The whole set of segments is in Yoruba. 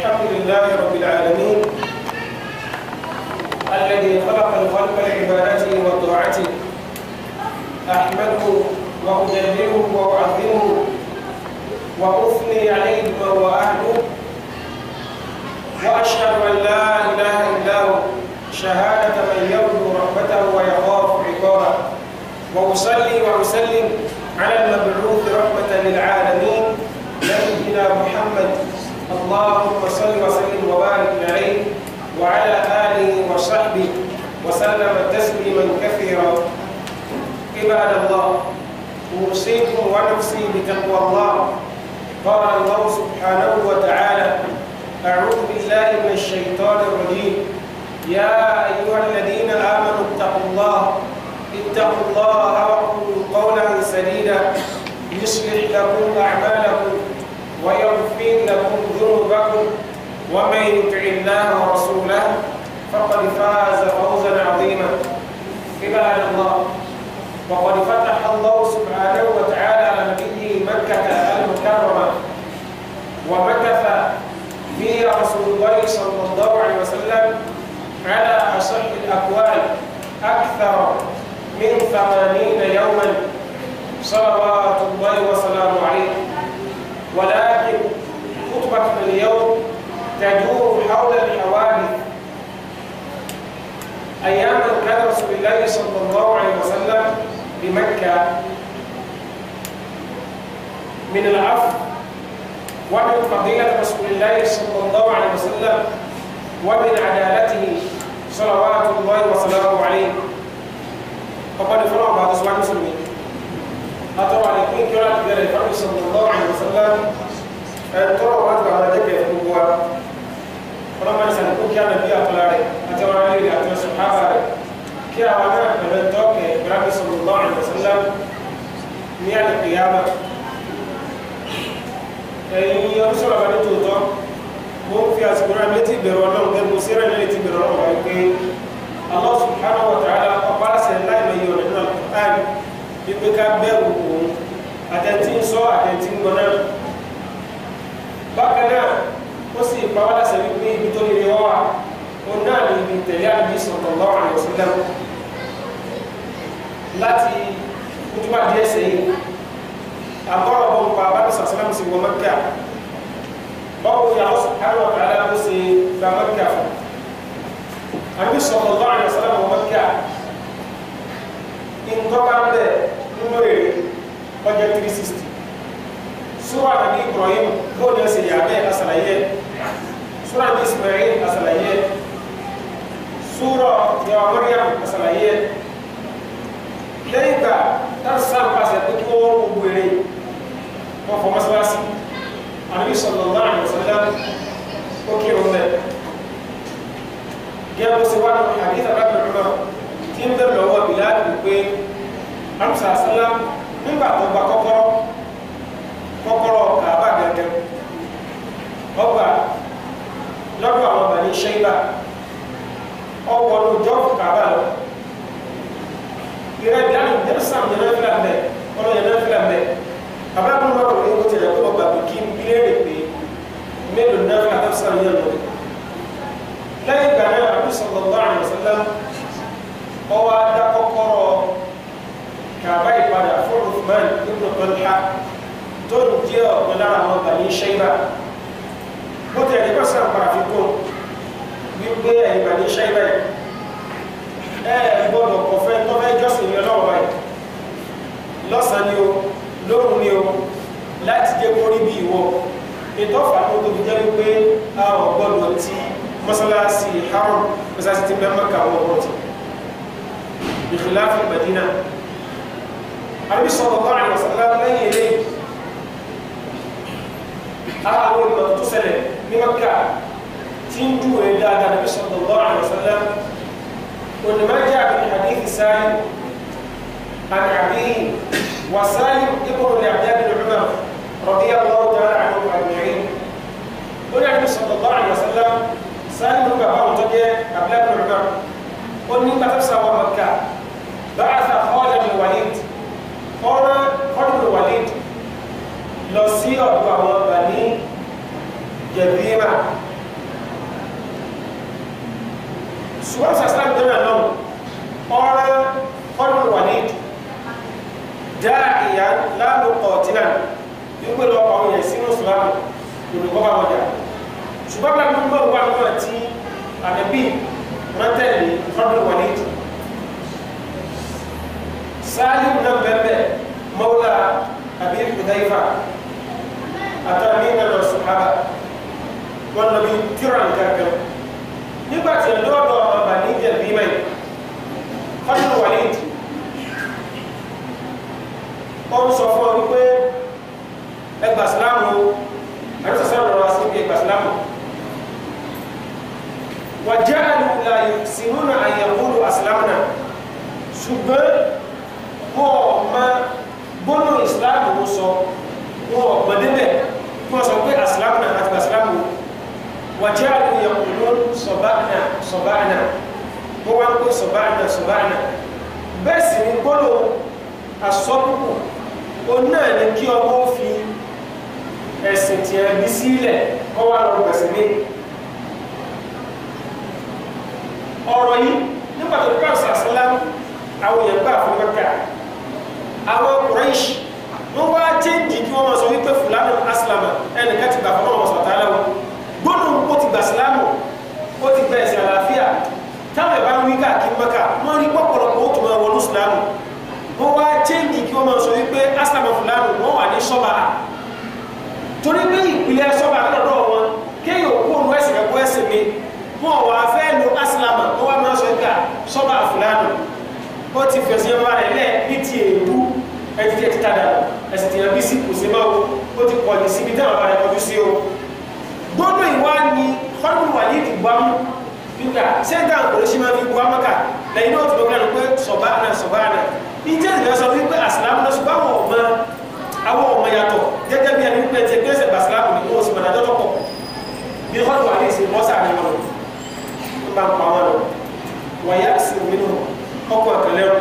الحمد لله رب العالمين الذي خلق الخلق لعبادته وطاعته أحمده وأجلله وأعظمه وأثني عليه وهو أهله وأشهد أن لا إله إلا هو شهادة من يرجو رحمته ويخاف عقابه وأصلي وأسلم على المبعوث رحمة للعالمين نبينا محمد اللهم صل وسلم وبارك عليه وعلى آله وصحبه وسلم تسليما كثيرا عباد الله أوصيكم ونفسي بتقوى الله قال الله سبحانه وتعالى أعوذ بالله من الشيطان الرجيم يا أيها الذين آمنوا اتقوا الله اتقوا الله وقولوا قولا سديدا يصلح لكم أعمالكم ويغفر لكم ذنوبكم ومن يطع الله ورسوله فقد فاز فوزا عظيما عباد الله وقد فتح الله سبحانه وتعالى على نبيه مكة المكرمة ومكث فيها رسول الله صلى الله عليه وسلم على أصح الأقوال أكثر من ثمانين يوما صلوات الله وسلامه عليه ولكن خطبتنا اليوم تدور حول الحوادث أيام كان رسول الله صلى الله عليه وسلم بمكة من العفو ومن فضيلة رسول الله صلى الله عليه وسلم ومن عدالته صلوات الله وسلامه عليه فقد فرع بعض أسواق المسلمين atọ́wà ní kún kí wọ́n àtìlẹ́yìn fáwọn ìṣòro lọ́wọ́ àyè sọ́lá ẹ̀tọ́rọ̀ wà tó àwọn ẹ̀jẹ̀ kẹfù gbogbo wa ọlọ́mọ ìsàn kún kí ànàbí àtọ́lá rẹ̀ àtọ́wà rẹ̀ àti ọ̀sùn hábà rẹ̀ kí àwọn náà pẹ̀lú ẹ̀tọ́ kẹ̀ ìbáraẹ̀ sọ̀rọ̀ lọ́wọ́ àyè sọ́lá ní àlùkìyàmà ẹ̀yin ọ̀ṣọ́ra bá ní tòótọ́ mo ń fi àsìkò náà létí ìbẹ̀rù ọlọ́run gẹ́gẹ́ Allah subhanahu wa ta'ala ọ̀pá àṣẹ láì lọ yí pípé ká bẹ̀rù òun àtẹ̀tí ń sọ àtẹ̀tí ń gbọ́n náà bákan náà ó sì pàwọ́ láṣẹ wípé ibi tó lè wọ́ wa ó náà ní ibi tẹ̀lé àbí sọ̀tọ̀ lọ́rùn àyọ̀sí náà láti kútúbà díẹ̀ sẹ́yìn àbọ̀rọ̀ bọ̀ nípa bàbá sàṣẹ́lámù sí wọ mẹ́kà báwo ni àwọn sùkárù àkàrà ló ṣe gba mẹ́kà fún àbí sọ̀tọ̀ lọ́rùn àyọ̀sí náà wọ mẹ́kà ntọ́ba ń bẹ̀ nínú èrè ọjọ́ na sixty sura nabi ibrahim lóòdì ẹsẹ̀ yàgbẹ́ asàlàyé sura nabi ismail asàlàyé sura yàwó mariam asàlàyé lẹ́yìn gbà táwọn sáà pàṣẹ pé kí wọ́n gbogbo èrè wọn fọ mọ́sálásí àbí sallallahu alaihi wasallam ó kírun bẹ́ẹ̀ gẹ́gẹ́ bó ṣe wá ní àdìsá bá bẹ̀rẹ̀ lọ́wọ́ tí ń bẹ̀rẹ̀ lọ́wọ́ Bílálì wípé amusa asala nígbà tó gba kọ́kọ́rọ́ kọ́kọ́rọ́ Kàábà gẹ́gẹ́ ọgbà lọ́dọ̀ àwọn Bani Ṣaiba ọwọ́ ló jọ́ fún Kàábà lọ ìrẹ́ Bílálì jẹ́rẹ́ sàm yẹn náà fìlà mẹ́ ọlọ́ yẹn náà fìlà mẹ́ àbúrò àbúrò wọn kò ní kó tẹ̀lé kó ọgbà bí kí n bí lérè pé mélòó náà fìlà tó sàm yẹn lọ lẹ́yìn ìgbà náà àbúrò sọ̀rọ̀ lọ́wọ́ ọwọ́ adá kọ́kọ́rọ́ kàbá ìpadà fún Uthman ibn Talha tó ń jẹ́ ọ̀pọ̀ lára àwọn Bani Shayba bó tẹ̀ ní pàṣẹ àpàrà fi kún wípé ẹ̀yìn Bani Shayba ẹ̀ gbọ́dọ̀ kọ̀fẹ́ tọ́fẹ́ jọ́sìn yẹn lọ́wọ́ báyìí lọ́sàn-án ni o lóru ni o láti jẹ́ kó rí ti mọ́sálásí haram mọ́sálásí ti bẹ́ẹ̀ ti. بخلاف المدينة النبي صلى الله عليه وسلم لن يلي أول ما اتصل بمكة تنجو إلى النبي صلى الله عليه وسلم ما جاء في حديث سالم عن عبيه وسالم ابن العبد بن عمر رضي الله تعالى عنهم أجمعين قل النبي صلى الله عليه وسلم سالم بن عمر قبل ابن عمر قل من كتب سوا مكة bàtà Khalid bin Walid Khalid bin Walid lọ sí ọ̀dọ̀ àwọn Bani Jazira ṣùgbọ́n sàṣà gbẹ́nà náà ọ̀rọ̀ Khalid bin Walid dáàìyá lálùkọ̀ tìlà wípé lọ ọ̀hún yẹn sínú ìsìlámù olùkọ́ bá wọjà ṣùgbọ́n bá gbogbo àwọn àti àdẹ́bí rántẹ́lì Khalid bin Walid سالم بن بمبه مولى أبي حذيفة أتامين الصحابة والنبي تيران كركم نبات اللور دور بني جريمي فضل وليد أم صفوان يقول ẹgbà silamu ẹrọsọ sọ̀rọ̀ lọ́wọ́ sí ẹgbà silamu wàjẹ àlùkùlà yìí sinú na àyẹ̀wò asilamu náà ṣùgbọ́n wọn ò mọ gbólóhùn ìsìláàmù wọn sọ wọn ò mọ débẹ̀ kí wọ́n sọ pé àsìláàmù náà àti àsìláàmù wàjẹ́ àkóyọ̀ òun sọ̀báànà sọ̀báànà wọ́n wá ń pè sọ̀báànà sọ̀báànà bẹ́ẹ̀ sì ni gbólóhùn asọ́pùpù òun náà ni kí ọmọ fi ẹ̀sìn tiẹ̀ bí sílẹ̀ kọ́ wá lọ gbẹ̀sìn mi ọ̀rọ̀ yìí nígbà tó kọ́ àṣà àṣàlámù àwọn èèyàn gbà fún mẹ́ta àwọn kùrẹ́ṣì wọ́n wá chẹ́ǹjì kí wọ́n máa sọ wípé fúlàní asilama ẹnìkan ti gbà fọlọ́wọ́ sọ̀tà aláwọ̀ gbọ́dọ̀ ó ti gbà sílámù ó ti gbà ẹ̀sìn àlàáfíà táwọn ẹ̀ bá ń wí káàkiri mẹ́ka wọ́n rí pọ̀pọ̀lọpọ̀ ó tún máa wọnú sílámù wọ́n wá chẹ́ǹjì kí wọ́n máa sọ wípé asilama fúlàní wọ́n wà ní sọ́ba torí pé ìpìlẹ̀ sọ́ba lọ́dọ̀ wọn kéèyàn kó òun ẹ̀sìn ẹ̀kọ́ ẹ̀sìn mi wọn wà fẹ́ lo asilama wọ́n wá máa sọ ẹtì tí ẹ ti ta dànù ẹsì tí ẹbí sì kò sí mọ́ o ó ti pọ̀ ní síbi tí àwọn àbára kọjú sí o gbọ́dọ̀ ìwá ni kọ́dún wà ní ìdìbò nígbà sẹ́ńtà òkòlóṣì máa fi bu amọ́kà lẹ́yìn náà tó lọ́gbọ́n náà pé sọ̀bá náà sọ̀bá náà ìjẹ́ ìgbà sọ wípé àsìlámù náà ṣùgbọ́n àwọn ọ̀mọ àwọn ọ̀mọ yàtọ̀ jẹ́jẹ́ bí ẹni wípé ti gbẹ́sẹ̀ gbàsílámù ni wọ́n sì mọ̀ dájọ́ pọ̀ bí wọ́n wà ní ìsìn mọ́sà ni wọn ń bá ń pa wọn lọ wọ̀nyá sí òmìnira ọkọ̀ àkàlẹ́rù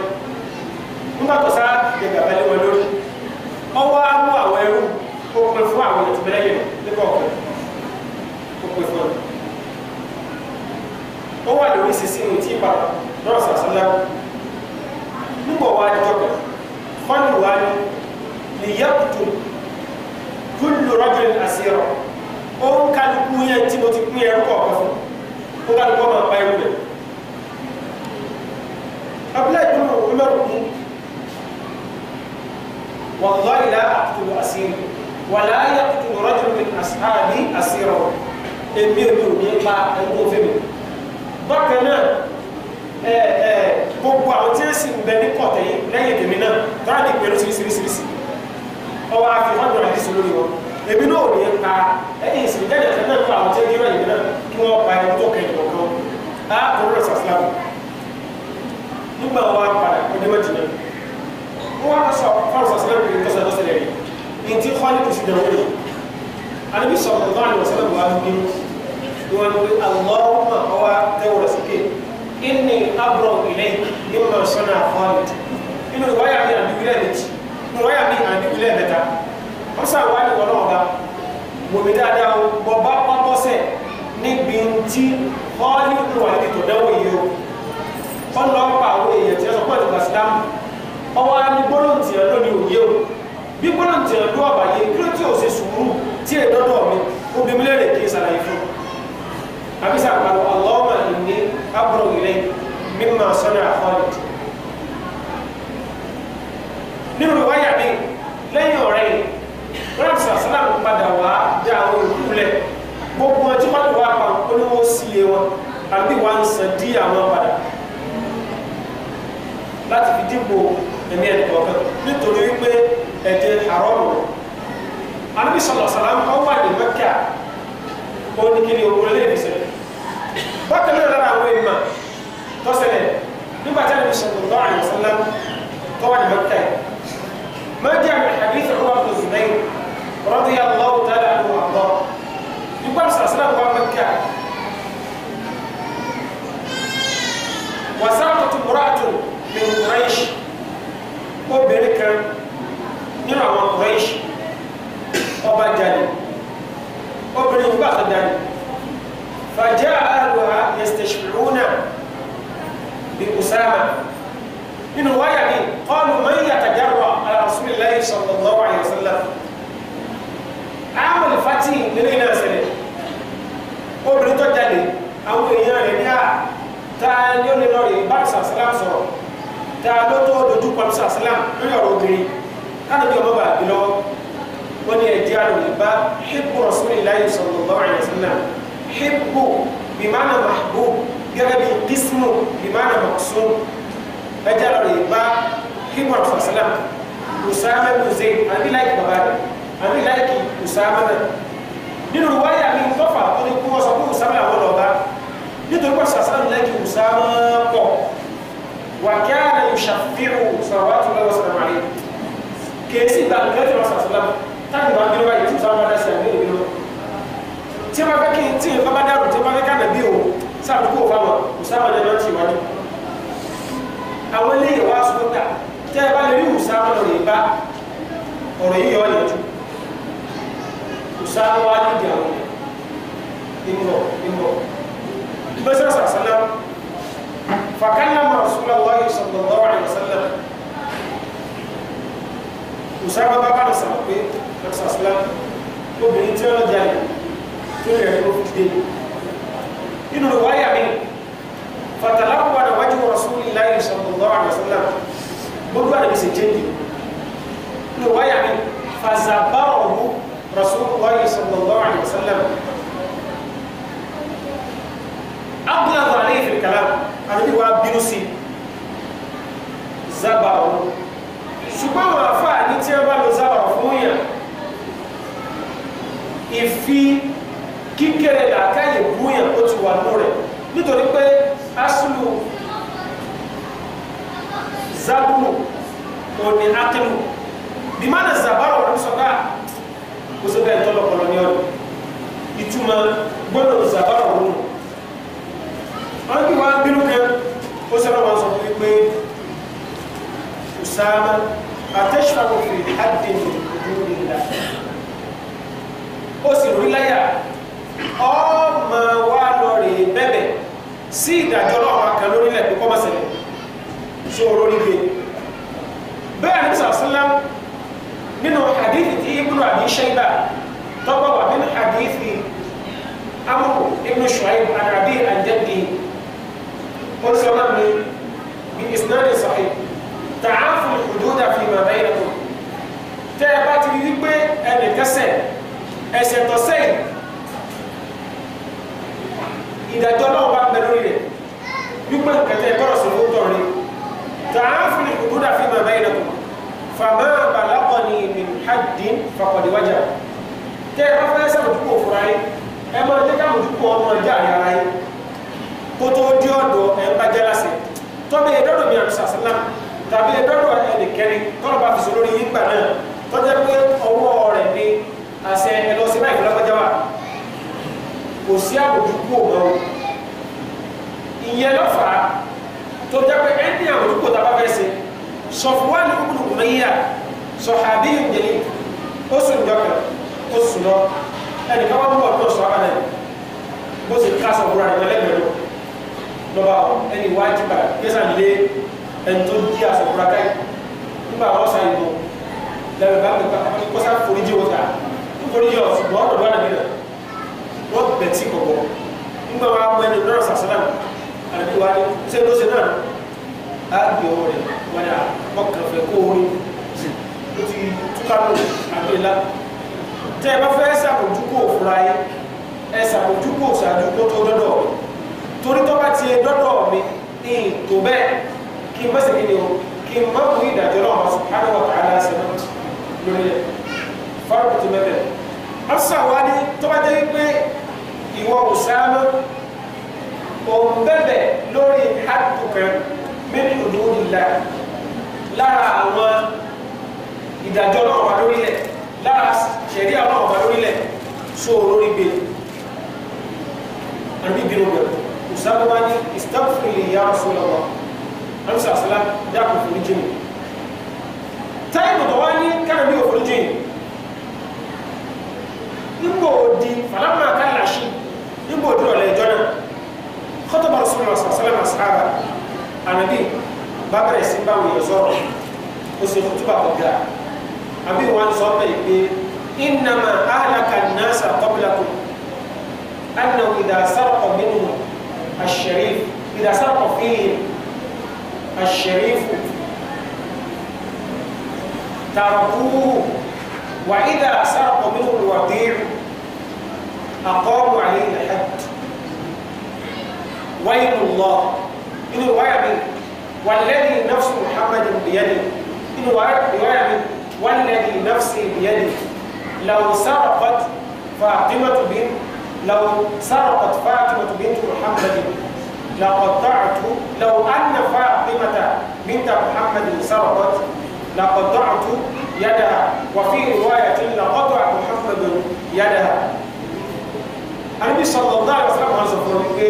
nígbà tó sá ìgbà bẹ́lẹ́ mẹ́lẹ́yìn lẹ́kọ̀ọ̀kan ó pè fún ọ. ó wà lórí sísí ní tí ìpàdé lọ́rọ̀ sàṣálá nígbà wà á jọ kan fọ́nù wà ní lìyàkùtù kúlù rọ́jòlì àṣírọ̀ ó ń kálukú yẹn tí mo ti pín ẹrú kọ̀ọ̀kan fún ó kálukú ọmọ àpá ẹrú rẹ̀. abúlé ìdúró olórùkú wàlúwàlú ìlà àkùtù àṣírọ̀ ولا يقتل رجل من أصحابي asirahu إمير èmi ò ní pa ẹgbẹ́ òfin mi bákan لا ẹ ẹ gbogbo àwọn tí ń sì ń bẹ ní kọ̀tẹ́ yìí lẹ́yìn tèmi náà táwọn ní ìpinnu sírísírísírísí ọwọ́ àfi wọn dọ̀rọ̀ àdìsí lórí wọn èmi náà ò ní pa ẹ̀yìn ìsìn jáde àti náà nípa àwọn tí ń náà kí wọ́n pa ẹni tó kẹ́yìn kọ̀ọ̀kan á kò rẹ̀ sàfihàn nígbà wọn padà ọdún méjì náà wọn wá sọ fáwọn sàfihàn kì í tọ́sọ̀ tọ́sọ̀ lẹ́yìn ntí xɔli kusi dɛrɛ wuli anabi sallallahu alaihi wasallam waa bi wọn bi allahumma awa dawura sike inni abro ilay mimma sona xɔli inu waya mi a dugulɛ de ci inu waya mi a dugulɛ de ta wasa waa ni wɔlɔ ba mɔmi daadaa bɔba kpɔtɔsɛ ni binti xɔli wali to dawo yi o ɔlɔpàá wo èèyàn tiɛ sɔ kó ɛdùkà silamu ɔwɔ ani gbólóhùn tiɛ lónìí òye o bí gbọ́dọ̀ ti hàn ló àbàyè kí ló tí ò ṣe sùúrù tí è dọ́dọ̀ mi ó bí mílẹ̀ rẹ̀ kí n ṣàlàyé fún un abisa àpàlọ́ Allahumma inni abúrò ilé mímọ sọ́nà Khalid nínú ìwáyà mi lẹ́yìn ọ̀rẹ́ yìí wọ́n ti sàṣálà ń padà wá dá àwọn ìlú lẹ̀ gbogbo ọjọ́ wọn ti wá pa olówó sílé wọn àbí wà ń san dí àwọn padà láti fi dípò ẹ̀mí ẹ̀ nítorí wípé ete haram annabi sallallahu alaihi wasallam ko wadi makka ko ni kini o le ni se bakka le dara we ma to se le ni ba tan sallallahu alaihi wasallam ko wadi makka ma ja min hadith umar bin zubair radiyallahu ta'ala anhu arda ni ba sallallahu alaihi wasallam ko makka وسرقت امرأة من قريش وبركة nínú àwọn kùrẹ́ṣì ọba jáde obìnrin gbà tó dání fàjẹ́ àlùhà yẹstẹ̀ṣìlúnà bí usama nínú wáyà ni qalu man yatajarra ala rasulillahi sallallahu alayhi wa sallam àwọn ìfàtí nínú iná ṣẹlẹ̀ obìnrin tó jáde àwọn èèyàn rẹ̀ ní à ah, ta ni ó lè lọ rí bá sàṣàlám sọ̀rọ̀ ta ló tó dojú pàmì sàṣàlám lórí ọ̀rọ̀ obìnrin ana bi ọmọ bàbí lọ wọn ni ẹjẹ àrùn ìbá hibbu rasulillahi sallallahu alaihi wasallam hibbu bimana mahbub gẹ́gẹ́ bí qismu bimana maqsum ẹjẹ àrùn ìbá hibbu rasulillahi usama bin zayd àbí láìkì bàbá rẹ àbí láìkì usama náà nínú wáyà mi ń tọ́fà tó ní kú wọ́n sọ pé usama làwọn lọ́ba nítorí pé sàṣán láìkì usama pọ̀ wà kí á rẹ̀ yóò ṣàfihàn sọ̀rọ̀ wá tó lọ́wọ́ sọ̀rọ̀ àlẹ́ kèésì gba nǹkan tí wọ́n sàṣọ lábọ̀ táàbì bá ń bínú báyìí tí wọ́n bá dáṣẹ́ àmì ìbínú tí wọ́n fẹ́ kí tí wọ́n bá dárò tí wọ́n fẹ́ kánà bí o sàdúgbò fáwọn Usama ní ọjọ́ ìwájú àwọn eléyìí wá sọ gbà tẹ́ ẹ bá lè rí Usama lọ́rọ̀ ìbá ọ̀rọ̀ yìí yọ ọ̀yẹ́jú Usama wá nídìí àwọn ìmọ̀ ìmọ̀ ìgbésẹ̀ sàṣọ náà fàkànnà mọ̀ Rasulullahi òṣèré bàbá bá lọ sọ̀rọ̀ pé dr islam obìnrin tí wọ́n jalè tó lè rẹ̀ ló fi dé nínú ìwáyà mi fatalawo wà níwájú rasulillahi sallallahu alaihi wasallam gbogbo àdàbí ṣe jẹ́ǹdì nínú ìwáyà mi fazabarahu rasulillahi sallallahu alaihi wasallam abdullahi alayhi fi kalam àdàbí wa bínú sí zabarahu ṣùgbọ́n àwọn àfààní tí wọ́n bá lọ sábà fún yàn ìfi kíkéré làákàyè bú yàn ó ti wà nù rẹ̀ nítorí pé asulu zabunu òní akínú bimana zabaro wọn sọ ká kó sọ bẹ́ẹ̀ tọ́lọ̀pọ̀lọ́ ní ọdún ìtumọ̀ gbọ́dọ̀ zabaro wọn. wọ́n kí wọ́n á bínú kan ó sọ̀rọ̀ wọn sọ fún mi pé. إنسانا أتشفع في حد من حدود الله أسر الله يا أما والوري بابي سيدا جلوها كانوا لله بكم سنة سورة لبي بقى النبي صلى الله عليه وسلم منه حديث ابن أبي شيبة طبعا من حديث عمرو ابن شعيب عن أبيه عن جده قل سلام نعم، بإسناد صحيح تعافى farajuta fi ma bainakum tẹ́ ẹ bá ti rí pé ẹnìkẹsẹ̀ ẹsẹ̀ tọ́sẹ̀ ìdájọ́ náà bá bẹ lórí rẹ̀ wípé kẹtẹ tọrọ sí ló tọrọ ni tààfin ìkúdà fi ma bainakum fama balagani min haddin faqad waja tẹ́ ẹ bá fẹ́ sàmójúkú òfurá yìí ẹ máa jẹ́ káàmójúkú ọmọ ọjà àyàrá yìí kótó di ọ̀dọ̀ ẹ̀ ń bá jẹ́ tàbí ẹ bẹ́rù ẹnìkẹ́ni tọ́lọ̀ bá fi sọ lórí yín gbà náà tọ́jà pé ọwọ́ rẹ̀ ní àṣẹ ẹlọ́sìn báyìí lọ́kọjá wa kò sí àbójúkú òmọ́ ìyẹn lọ́fà tó jẹ́ pé ẹni àbójúkú tá a bá fẹ́ ṣe Sọfwan ibn Umayya sọ̀hábí ìjẹ̀lẹ̀ ó sùn jọkẹ̀ ó sùn lọ ẹnì kan wọ́n mú ọ̀dọ́ sọ abàdàn bó ṣe ká sọ̀rọ̀ rẹ̀ lẹ́gbẹ̀ẹ́ ẹni tó di aṣọ buraka yìí nígbà wọn sá yìí bọ lẹ́yìn bá gbẹgbà kọsá foríjì wọn ta foríjì wọn ṣùgbọ́n ọ̀dọ̀ wọn àdìgbẹ wọn bẹ tí kò bọ nígbà wọn amọ ẹni lọrọ sàṣẹlá àti wà ní ṣé ló ṣe náà á gbé ọwọ́ rẹ̀ wọn yà ọkàn fẹ kó orí ó ti túká lò àbí ńlá tẹ ẹ bá fẹ́ ṣàbójúkò fúra yẹ ẹ ṣàbójúkò ṣáájú kó tó dọdọ mi torí tó bá ti dọdọ mi ní ìtò bẹ́ẹ̀ kí n bá segin ní o kí n bá mú ìdájọ́ náà wọn hánà wọn kàlá sẹ́nu lórí rẹ̀ fáwọn tó mẹ́tẹ̀. ọ̀sán wa ni tọ́wájú pé ìwọ Usama òun bẹ̀bẹ̀ lórí hàtù kan mẹ́rin òdò òdìlá lára àwọn ìdájọ́ náà wà lórí rẹ̀ lára sẹ̀rí àwọn ọ̀wà lórí rẹ̀ sóòrò rí bẹ́ẹ̀ àbí bírò bẹ̀rẹ̀ Usama wa ni istaghfir li ya Rasulullah àti sàṣẹlá yàgò foríjì mi táìmù tó wá ní kánàbí òforíjì nígbò òdi fàlámà kálàṣì nígbò òdi ọ̀lẹ̀ ìjọ náà kọ́tọ̀ bá sọ̀rọ̀ sàṣẹlá máa sábà ànàbí bá bẹ̀rẹ̀ sí báwo yẹn sọ̀rọ̀ ó sì kú túbà ọ̀gá àbí wọn sọ pé pé innama ahlaka an-nasa qablakum annahu idha saraqa minhum ash-sharif idha saraqa fihim الشريف تركوه وإذا سرقوا منه الوديع أقاموا عليه الحد ويل الله إن رواية والذي نفس محمد بيده إن رواية والذي نفسي بيده لو سرقت فاطمة بنت لو سرقت فاطمة بنت محمد لقطعت لو أن فاطمة بنت محمد سرقت لقطعت يدها وفي رواية لقطع محمد يدها النبي صلى الله عليه وسلم هذا فرمك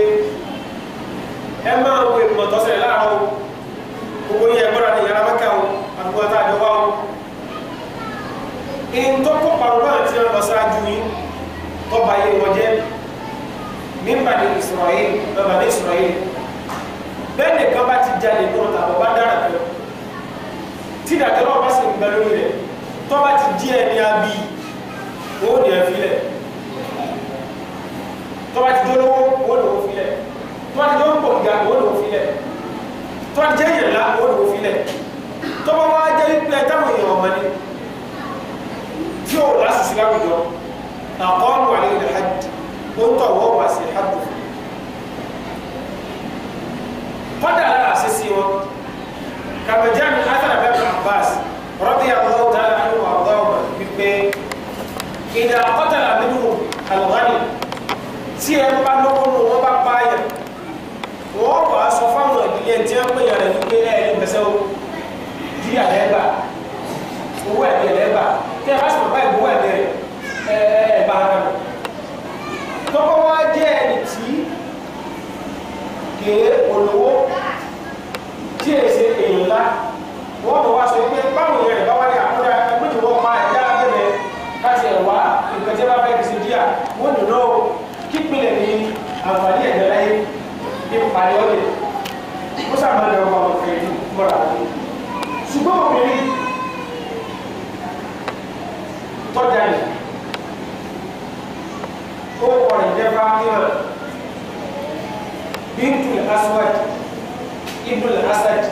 أما هو المتصل له هو يبرد يا مكة أبو تاجوا إن تقوى بروان تيان بساجوين تبايي وجه nígbà ní Israel bàbá ní Israel bẹ́ẹ̀ nìkan bá ti jalè lọ́rọ̀ tàbí ọba dára pẹ̀lú tí ìdájọ́ náà bá sì ń bẹ lórí rẹ̀ tó bá ti di ẹni abí wọ́n ò ní ẹ filẹ̀ tó bá ti dólówó wọ́n ò ní o filẹ̀ tó bá ti dólówó pọ̀ gíga wọ́n ò ní o filẹ̀ tó bá ti jẹ́ èèyàn ńlá wọ́n ò ní o filẹ̀ tó bá wá jẹ́ pé ẹ táwọn èèyàn ọmọ ni tí ò lásìsì láwùjọ ó ń tọ̀ wọ́n wá sí hàdùn kọ́dà lára àṣìṣe wọn kàbẹ̀jẹ́ mi látara bẹ́ẹ̀ kan báàsì rọ́bì àwọn ọ̀gá àwọn ọ̀gá ọ̀gá wípé ìdá àkọ́tàlà nínú àlùbáyé tí ẹ bá lọ́kọ́ ló wọ́n bá pa àyàn wọ́n wà á sọ fáwọn ìdílé tí wọ́n pè yàrá wípé ẹ̀ẹ́dẹ̀ pẹ̀sẹ̀ o di àlẹ́gbà owó ẹ̀dẹ̀ ẹ̀dẹ̀ gbà tẹ́ ẹ bá sọ̀rọ̀ báyìí owó ẹ̀dẹ̀ ẹ̀ ẹ̀ bá ara rẹ̀ tọ́kọ́ wá jẹ́ ẹni tí kèé olówó tí èyí ṣe èèyàn ńlá wọ́n bọ̀ wá sọ pé báwo yẹn rẹ̀ bá wá ní àkúrẹ́ ẹgbẹ́jọ wọn máa ẹ̀dá abẹ́rẹ́ láti ẹ̀wá nǹkan tí wọ́n bá fẹ́ kí ṣe díà wọ́n dùn náà kípìlẹ̀ ní àǹfààní ẹ̀dá láyé ní parí ọ̀lẹ̀ ó sábà lọ wà wọ́n fẹ́ ju mọ́ra ṣùgbọ́n obìnrin tọ́jà nìyí ó kọ ìjẹ́ Fatima bintul aswad ibn asad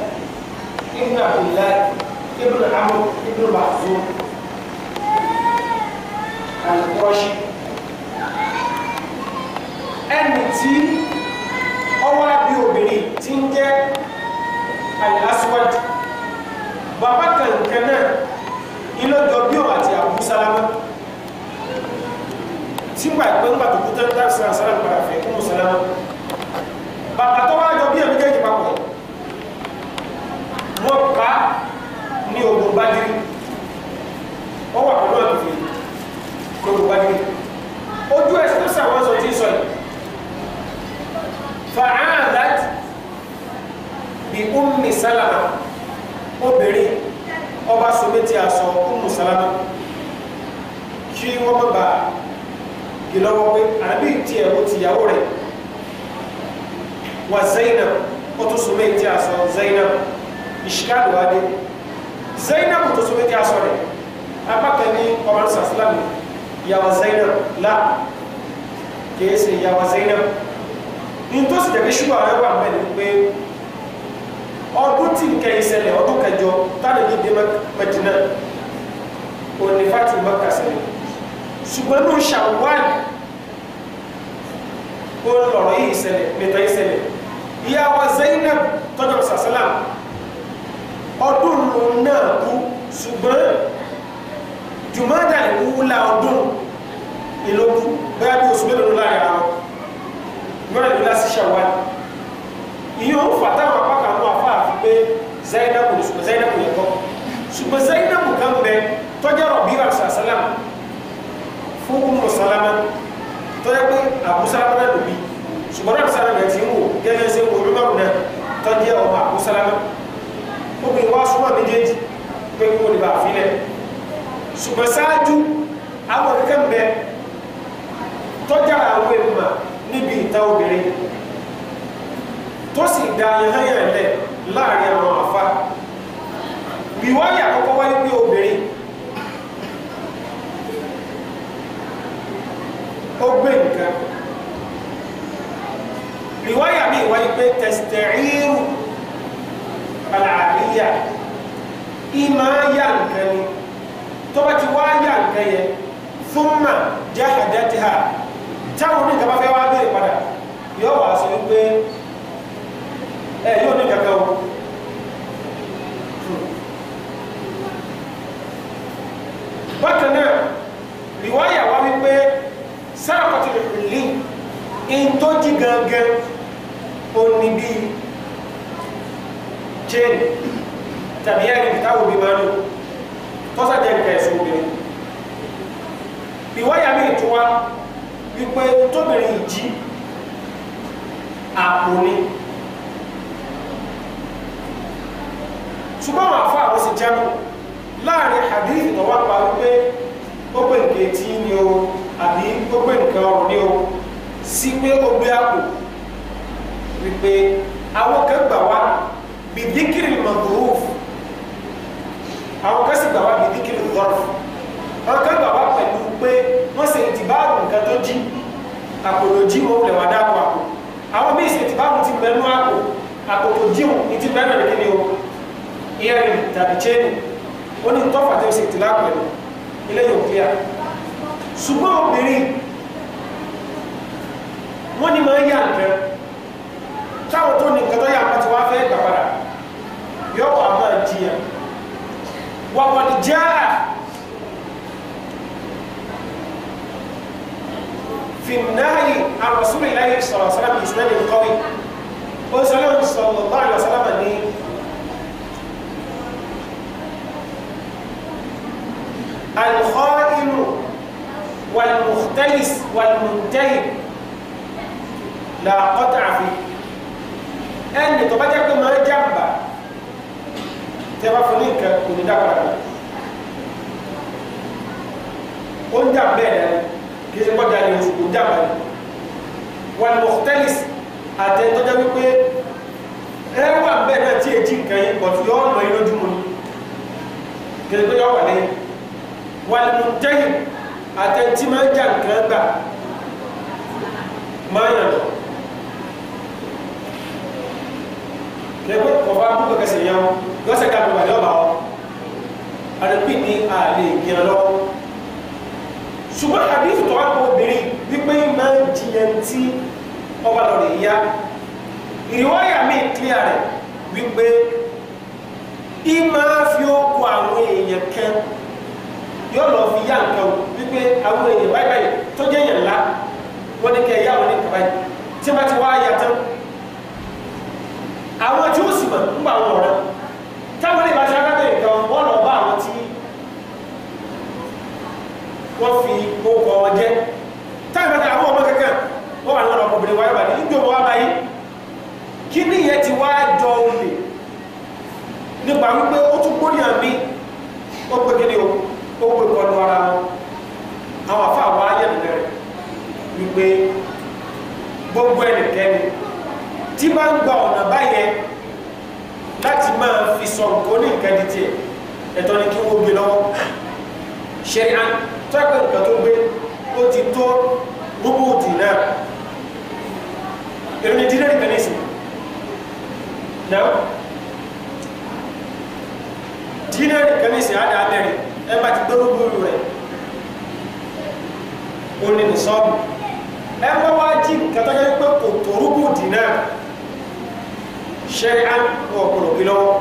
ibn abdullahi ibn amr ibn mahzum alukọ́ṣí ẹni tí ọwọ́ bí obìnrin ti ń jẹ́ al-aswad bàbá kankan náà ilé ọjọ́ bí òun àti àbúsálámà sígbà pé ńgbà tó kú tẹ́lẹ̀ tá sàn sàn padà fẹ́ kó mùsùlùmá bàbá tó wá jọ bí ẹ̀mí jẹ́jì papọ̀ wọ́n pa ní ogun bádìrí wọ́n wà pẹ̀lú àbìfẹ́ ní ogun bádìrí ojú ẹ̀sìn tó sàwọn sọ tí ń sọ yìí fàáàdàt bí ummi sálàmà obìnrin ọba sọmẹ́tì àsọ ummu sálàmà kí wọ́n bá bàa gilọ́wọ́ pé àbí tiẹ̀ o ti yàwó rẹ̀ wa Zainab o tún sọ méjì aṣọ Zainab ìṣíkàlù wa dé Zainab o tún sọ méjì aṣọ rẹ̀ apákan ní ọmọ sàfúlàmù yàwó Zainab la kìí ṣe yàwó Zainab ní tó sì tẹ̀lé ṣùgbọ́n àwọn ẹgbẹ́ àmọ́ ẹni pé ọdún tí nǹkan ìṣẹ̀lẹ̀ ọdún kẹjọ tánà ní dé Madina òní Fatima kà ṣùgbọ́n ní ṣàwọ́n ó ń lọ̀rọ̀ yìí ìṣẹ̀lẹ̀ mẹ́ta ìṣẹ̀lẹ̀ ìyá wa Zainab tọ́jọ́ sàṣálàm ọdún lòun náà kú ṣùgbọ́n jùmọ́dà ìwúlà ọdún ìlókù bẹ́ẹ̀ bí oṣù mélòó láàrin àwọn lọ́rẹ̀ ló lásì ṣàwọ́n ìyẹn ń fà táwọn apákan mú afáàfin pé Zainab ṣùgbọ́n Zainab yẹ kọ́ ṣùgbọ́n Zainab kan bẹ tọ́jọ́ rọ̀ bí wà sàṣálàm fún Ummu Salama tó yẹ Abu Salama náà ló bí ṣùgbọ́n Abu Salama ti ń wò gẹ́gẹ́ ṣe ń wò olúmọ̀rù náà tó jẹ́ Abu Salama obìnrin wa súnmọ́ méjèèjì pé kí wọ́n lè bá àfilẹ̀ ṣùgbọ́n ṣáájú àwọn akẹ́kẹ́ ń bẹ tọ́jà àwọn èèmọ̀ níbi ìta obìnrin tó sì da yẹn hẹ́yẹ̀ lẹ̀ láàrin àwọn àfa ìwáyà àkọ́kọ́ wáyé pé obìnrin ó gbé nǹkan ìwáyà mi ìwáyà pé tẹ̀sítẹ̀rìrù bàlàríyà ìmọ̀ ayà nǹkan ni tó bá ti wá ayà nǹkan yẹn súnmà jẹ́ àdájẹ́ ha táwọn oníjàmbá fẹ́ wá bẹ̀rẹ̀ padà yóò wá sọ wípé ẹ yóò ní kankan o. bákan náà ìwáyà wá wípé sáàpàtì lè in tó jí gangan òní bí chain tàbí ẹ̀rìn táwọn òbí máa ń lò tọ́sàjẹ́ nǹkan ẹ̀sùn obìnrin ìwáyà mi tó wá wípé tóbìnrin ìjí àpò ni ṣùgbọ́n àwọn afọ àwọn sì jẹun láàrin hadith ìtọ́wọ́pá wípé ó pè nǹkan etí ni o àbí ó gbé nǹkan ọrùn ní o sí pé ó gbé àpò wípé àwọn kan gbà wá bìdíkìrì mọ̀tòrúf àwọn kan sì gbà wá bìdíkìrì dọ́rọ̀f àwọn kan gbà wá pẹ̀lú pé wọ́n ṣe ìdìbàbò nǹkan tó jí àpòlòjì wọn lè wá dáko àpò àwọn míì ṣe ìdìbàbò ti mẹ́nu àpò àpò tó jí wọn ní ti mẹ́nu àdékìrì o earring tàbí chain ó ní tọ́fà tó ṣe ìtìlá pẹ̀lú ilé yóò clear ṣùgbọ́n obìnrin wọ́n ní máa ń yà nǹkan táwọn tó ní nǹkan tó yà pàtó wá fẹ́ gbà padà yóò wà máa jiyàn wàkọ̀dì já fìnnáyì àròsúrì láyé sọ̀rọ̀ sálámù ìsìnlẹ̀ nìkọ́wé ó sọlọ́run sọ̀rọ̀ bá àlọ́ ní alùkọ́ inú. والمختلس والمنتهب لا قطع فيه ẹni tó bá jẹ́ pé máa ń jàǹbá tẹ́ bá fún ní nǹkan kò ní dábàá rẹ̀ ó ń jàǹbá ẹ̀ dání kì í ṣe gbọ́dọ̀ àlè oṣù kò ń jàǹbá rẹ̀ wà ní mọ̀tẹ́lìs àtẹ̀tọ́jọ́ wípé ẹ̀wà bẹ́ẹ̀ náà tí èjì nǹkan yìí bọ̀tù yọ ọ̀nà inú ojú mu ni kì í ṣe pé yọ wà lẹ́yìn wà ní mọ̀tẹ́lìs àtẹ̀ntì máa ń jà nǹkan gbà máa yàn lọ. lẹ́gbẹ́ kọ̀ọ̀fà kúkọ̀ kẹsì yẹn o lọ́sẹ̀ ká gbogbo àdéhùn bá ọ. àdàpì ní àlè ìgbìyàn lọ. ṣùgbọ́n àbí ìfòtò wa kọ obìnrin wípé máa ń jiyàn tí ọba lọ rè ya. ìrìwáyà mi kílíà rẹ̀ wípé ìmáa fi ó kọ àwọn èèyàn kẹ́ẹ́ yóò lọ fi yá nǹkan o wípé àwọn èèyàn báyìí báyìí tó jẹ́ èèyàn ńlá wọ́n ní kẹ́ ẹ̀yà wọn ní kaba yìí tí wọ́n ti wá ya tán àwọn tí ó sì mọ̀ ń bá wọn ọ̀rẹ́ táwọn lè bá ṣe arábìnrin kan wọ́n lọ bá àwọn tí wọ́n fi gbogbo wọn jẹ́ táwọn ìbátan àwọn ọmọ kankan wọ́n wà lọ́nà ọkùnrin wáyé wáyé níjọ́ wọn wá báyìí kí nìyẹn ti wá jọ olè nípa wípé tí máa ń gba ọ̀nà báyẹn láti máa fi sọ nǹkan ní nǹkan di tiẹ̀ ẹ̀tọ́ ni kí wọ́n gbé lọ́wọ́ ṣẹ̀rí án tọ́pẹ̀ nǹkan tó gbé ó ti tó gbogbo òdì náà èrò ní dínà nìkan ní ìsìn náà dínà nìkan ní ìsìn àdá mẹ́rin ẹ bá ti gbọ́rọ̀ gbòòrò rẹ̀ ó ní nìsọ́ọ̀bù ẹ bá wá jí nǹkan tó yẹ pé tó rúgbò náà ṣẹ́ríà ọ̀pọ̀lọ̀ gbé lọ́wọ́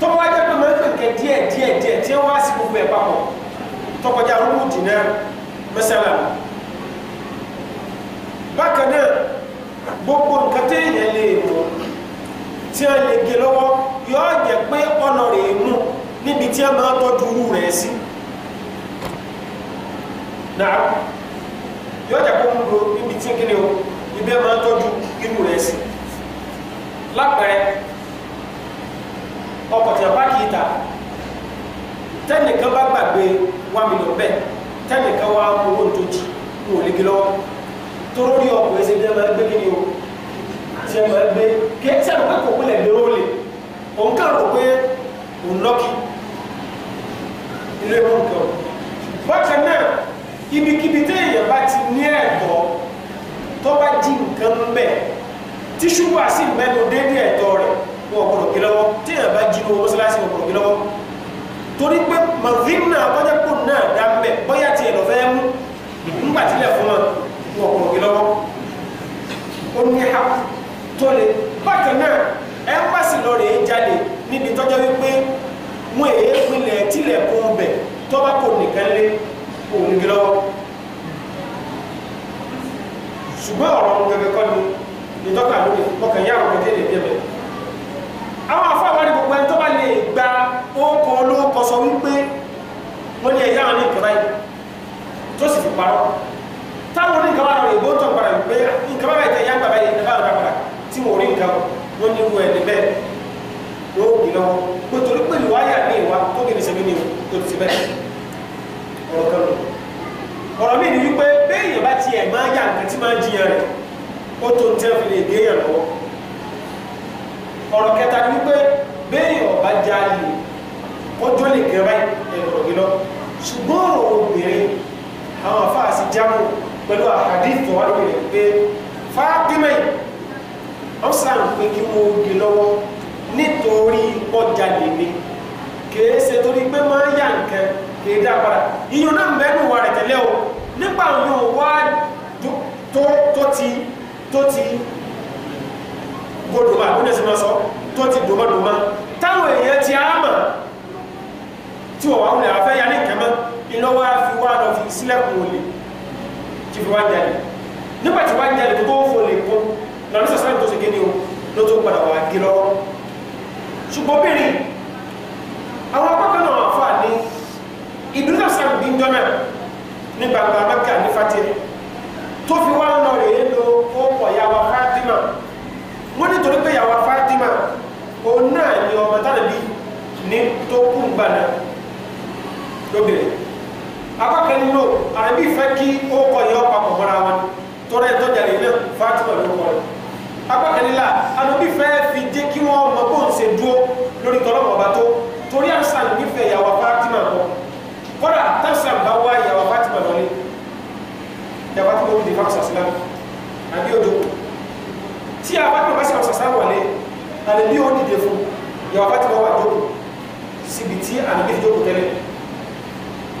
tó wá jẹ́ pé máa ń kẹ̀kẹ́ díẹ̀ díẹ̀ díẹ̀ tí wọ́n á sì gbogbo ẹ̀ papọ̀ tọkọjá rúbù dìnnà mẹ́sàlá bákan náà gbogbo nǹkan téèyàn lè mú tí wọ́n lè gé lọ́wọ́ yóò jẹ́ pé ọ̀nà rè é mú níbi tí wọ́n máa tọ́jú irú o sí náà yóò jẹ́ pé ó ń lo níbi lápẹ̀rẹ̀ ọkọ̀ tí a bá kìí ta tẹ́nìkan bá gbàgbé wá mi lọ bẹ́ẹ̀ tẹ́nìkan wá owó tó jì wò lè gé lọ́wọ́ toró rí ọkọ̀ ẹsẹ̀ bí ẹ máa gbé kíni o tí ẹ máa gbé kí ẹ sẹ́nu pé kò wọlé lérò lè òun kà rò pé òun lọ́kì ilé wọn kọ bákan náà ibikíbi téèyàn bá ti ní ẹ̀kọ́ tó bá jí nǹkan bẹ́ẹ̀ tí ṣubú àti mẹ́nu déédéé ẹ̀tọ́ rẹ̀ wọ́n gbọ́dọ̀ gbé lọ́wọ́ tí èèyàn bá jí owó mọ́sálásí wọ́n gbọ́dọ̀ gbé lọ́wọ́ torí pé mavina bọ́jà kò náà dá mbẹ́ bọ́yá tiẹ̀ lọ fẹ́ mú ńgbà tilẹ̀ fún wọn wọ́n gbọ́dọ̀ gbé lọ́wọ́ ó ha tó le bákan náà ẹ ń pàṣẹ lọ rèé jalè níbi tọ́jọ́ wípé wọn èé pinlẹ̀ tilẹ̀ kún bẹ̀ tọ́ba kò nìkan lé òun gbé lọ́wọ́ ṣùgbọ́n ọ̀rọ̀ ọ̀hún gẹ́gẹ́ kọ́ ìtọ́ka lórí ọkàn yàrá òkè lè bí ẹ̀mẹ́. àwọn afọ àwọn ní gbogbo ẹni tó bá lè gba ókọ olówó kọ sọ wípé wọ́n ní ẹ̀yà wọn ní ìkọ́ra yìí tó sì fi parọ́. táwọn oní nǹkan wà lọ ìgbó tó ń padà wípé nǹkan bá bàjẹ́ yá gbàgbà yìí nígbà lọ́dà padà tí mo rí nǹkan wọn ní irú ẹni bẹ́ẹ̀ ló bì lọ́wọ́ pé torí pé ìwáyà ní ìwà tó kì í ṣe o ti bẹ́ẹ̀ ọ̀rọ̀ kan lọ. ọ̀rọ̀ mi ni wípé bẹ́ẹ̀ yẹn bá tiẹ̀ máa yá nǹkan tí máa ń jiyàn rẹ̀ ó tó ń tẹ́ fi lè gé yàn lọ́wọ́ ọ̀rọ̀ kẹta ni wípé bẹ́ẹ̀ ọba já lè kọjọ́ lè gẹ báyìí ẹ̀rọ yìí lọ ṣùgbọ́n ọ̀rọ̀ obìnrin àwọn afáàsì jámù pẹ̀lú àhàdìtọ̀ wà lórí rẹ̀ pé Fátímà wọ́n sàn pé kí wọ́n gé lọ́wọ́ nítorí ọjà lè ní kìí ṣe torí pé máa ń yà nǹkan kìí dá iyùn náà mẹ́nu wà rẹ̀ tẹ́lẹ̀ o nípa àwọn wá tó ti tó ti gbódùmá ó lè sì máa sọ tó ti dùmọ́dùmọ́ táwọn èèyàn ti á mọ̀ tí wọ́n wá wulẹ̀ afẹ́ ya ní kẹ́mọ́ iná wá fi wá lọ fi sílẹ̀kùn olè tí fi wá jalè nígbà tí wá jalè tó tó ń folè kó lọ́nà sọ̀sọ́ tó ṣe gédé o ló tó padà wá gé lọ́wọ́ ṣùgbọ́n bèrè àwọn akọ́kọ́ náà fà ní ìdúró sàmì bí ń jọ náà ní gbàgbà Mẹ́kà ní fatiri tó fi wá lọ rèé lo ọkọ̀ yàwá Fatima wọ́n nítorí pé yàwá Fatima òun náà ni ọmọ tánàbí ní tó kú gbà náà lóbìnrin akọ́kẹ́ nínú àbí fẹ́ kí ọkọ̀ yẹ ọ̀pá pọ̀ mọ́ra wọn tọ́lá ẹ̀ tọ́jà rèé náà Fatima ló kọ́ akọ́kẹ́ nílà àbí fẹ́ fi jẹ́ kí wọ́n mọ bóun ṣe dúró lórí tọ́lọ́mọ̀ ọba tó torí àṣà nífẹ̀ẹ́ yàwá Fatima kọ́ kọ́dà táṣà bá wá yàwá Fatima lọ́lẹ́ jaba tó kó di fa sàsílám àbí odò tí a bá tó bá sàrò sàsílám wà lé àlè bí o dìde fún yàrá bá ti bá wà jókòó síbi tí àlè bí jókòó tẹ́lẹ̀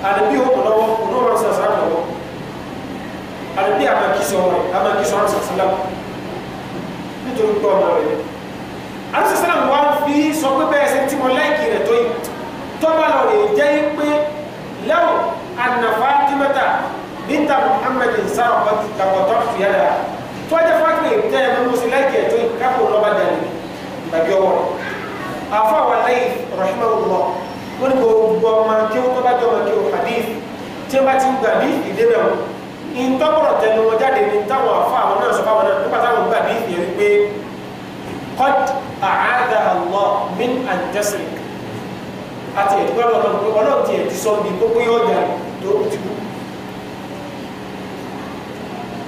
àlè bí o tó lọ́wọ́ ònú ọ̀rọ̀ sàsílám lọ́wọ́ àlè bí àmà kí sọ ọ̀rọ̀ àmà kí sọ ọ̀rọ̀ sàsílám nítorí pé ọmọ rẹ̀ alẹ́sàsílám wà fi sọ pé bẹ́ẹ̀ sẹ́ tí mo láìkì rẹ̀ tó yìí tọ́ba lọ rè jẹ́ pé lẹ́wọ̀n ànàfà tìmẹ́ta binta muhammed sarafat lakɔtɔ fiyala tɔjɛ fakiri tɛ musila jɛ to yi k'a ko lɔba dani babiɔ wɔrɔ a fɔ walayi rahimahullah ko ni ko bɔn man kewu tɔba jɔ man kewu hadith tiɲɛba ti gba bi ìdébɛ o ntɔkɔrɔ tɛ numu jáde ni táwọn afa àwọn náà sɔfɔ àwọn náà nípa táwọn gba bi yẹn pé qad a'ada allah min an tasirik àti ẹ̀dùkọ́ lọ́nà ọlọ́run ti ẹ̀ ti sọ bí gbogbo yóò jà tó ti kú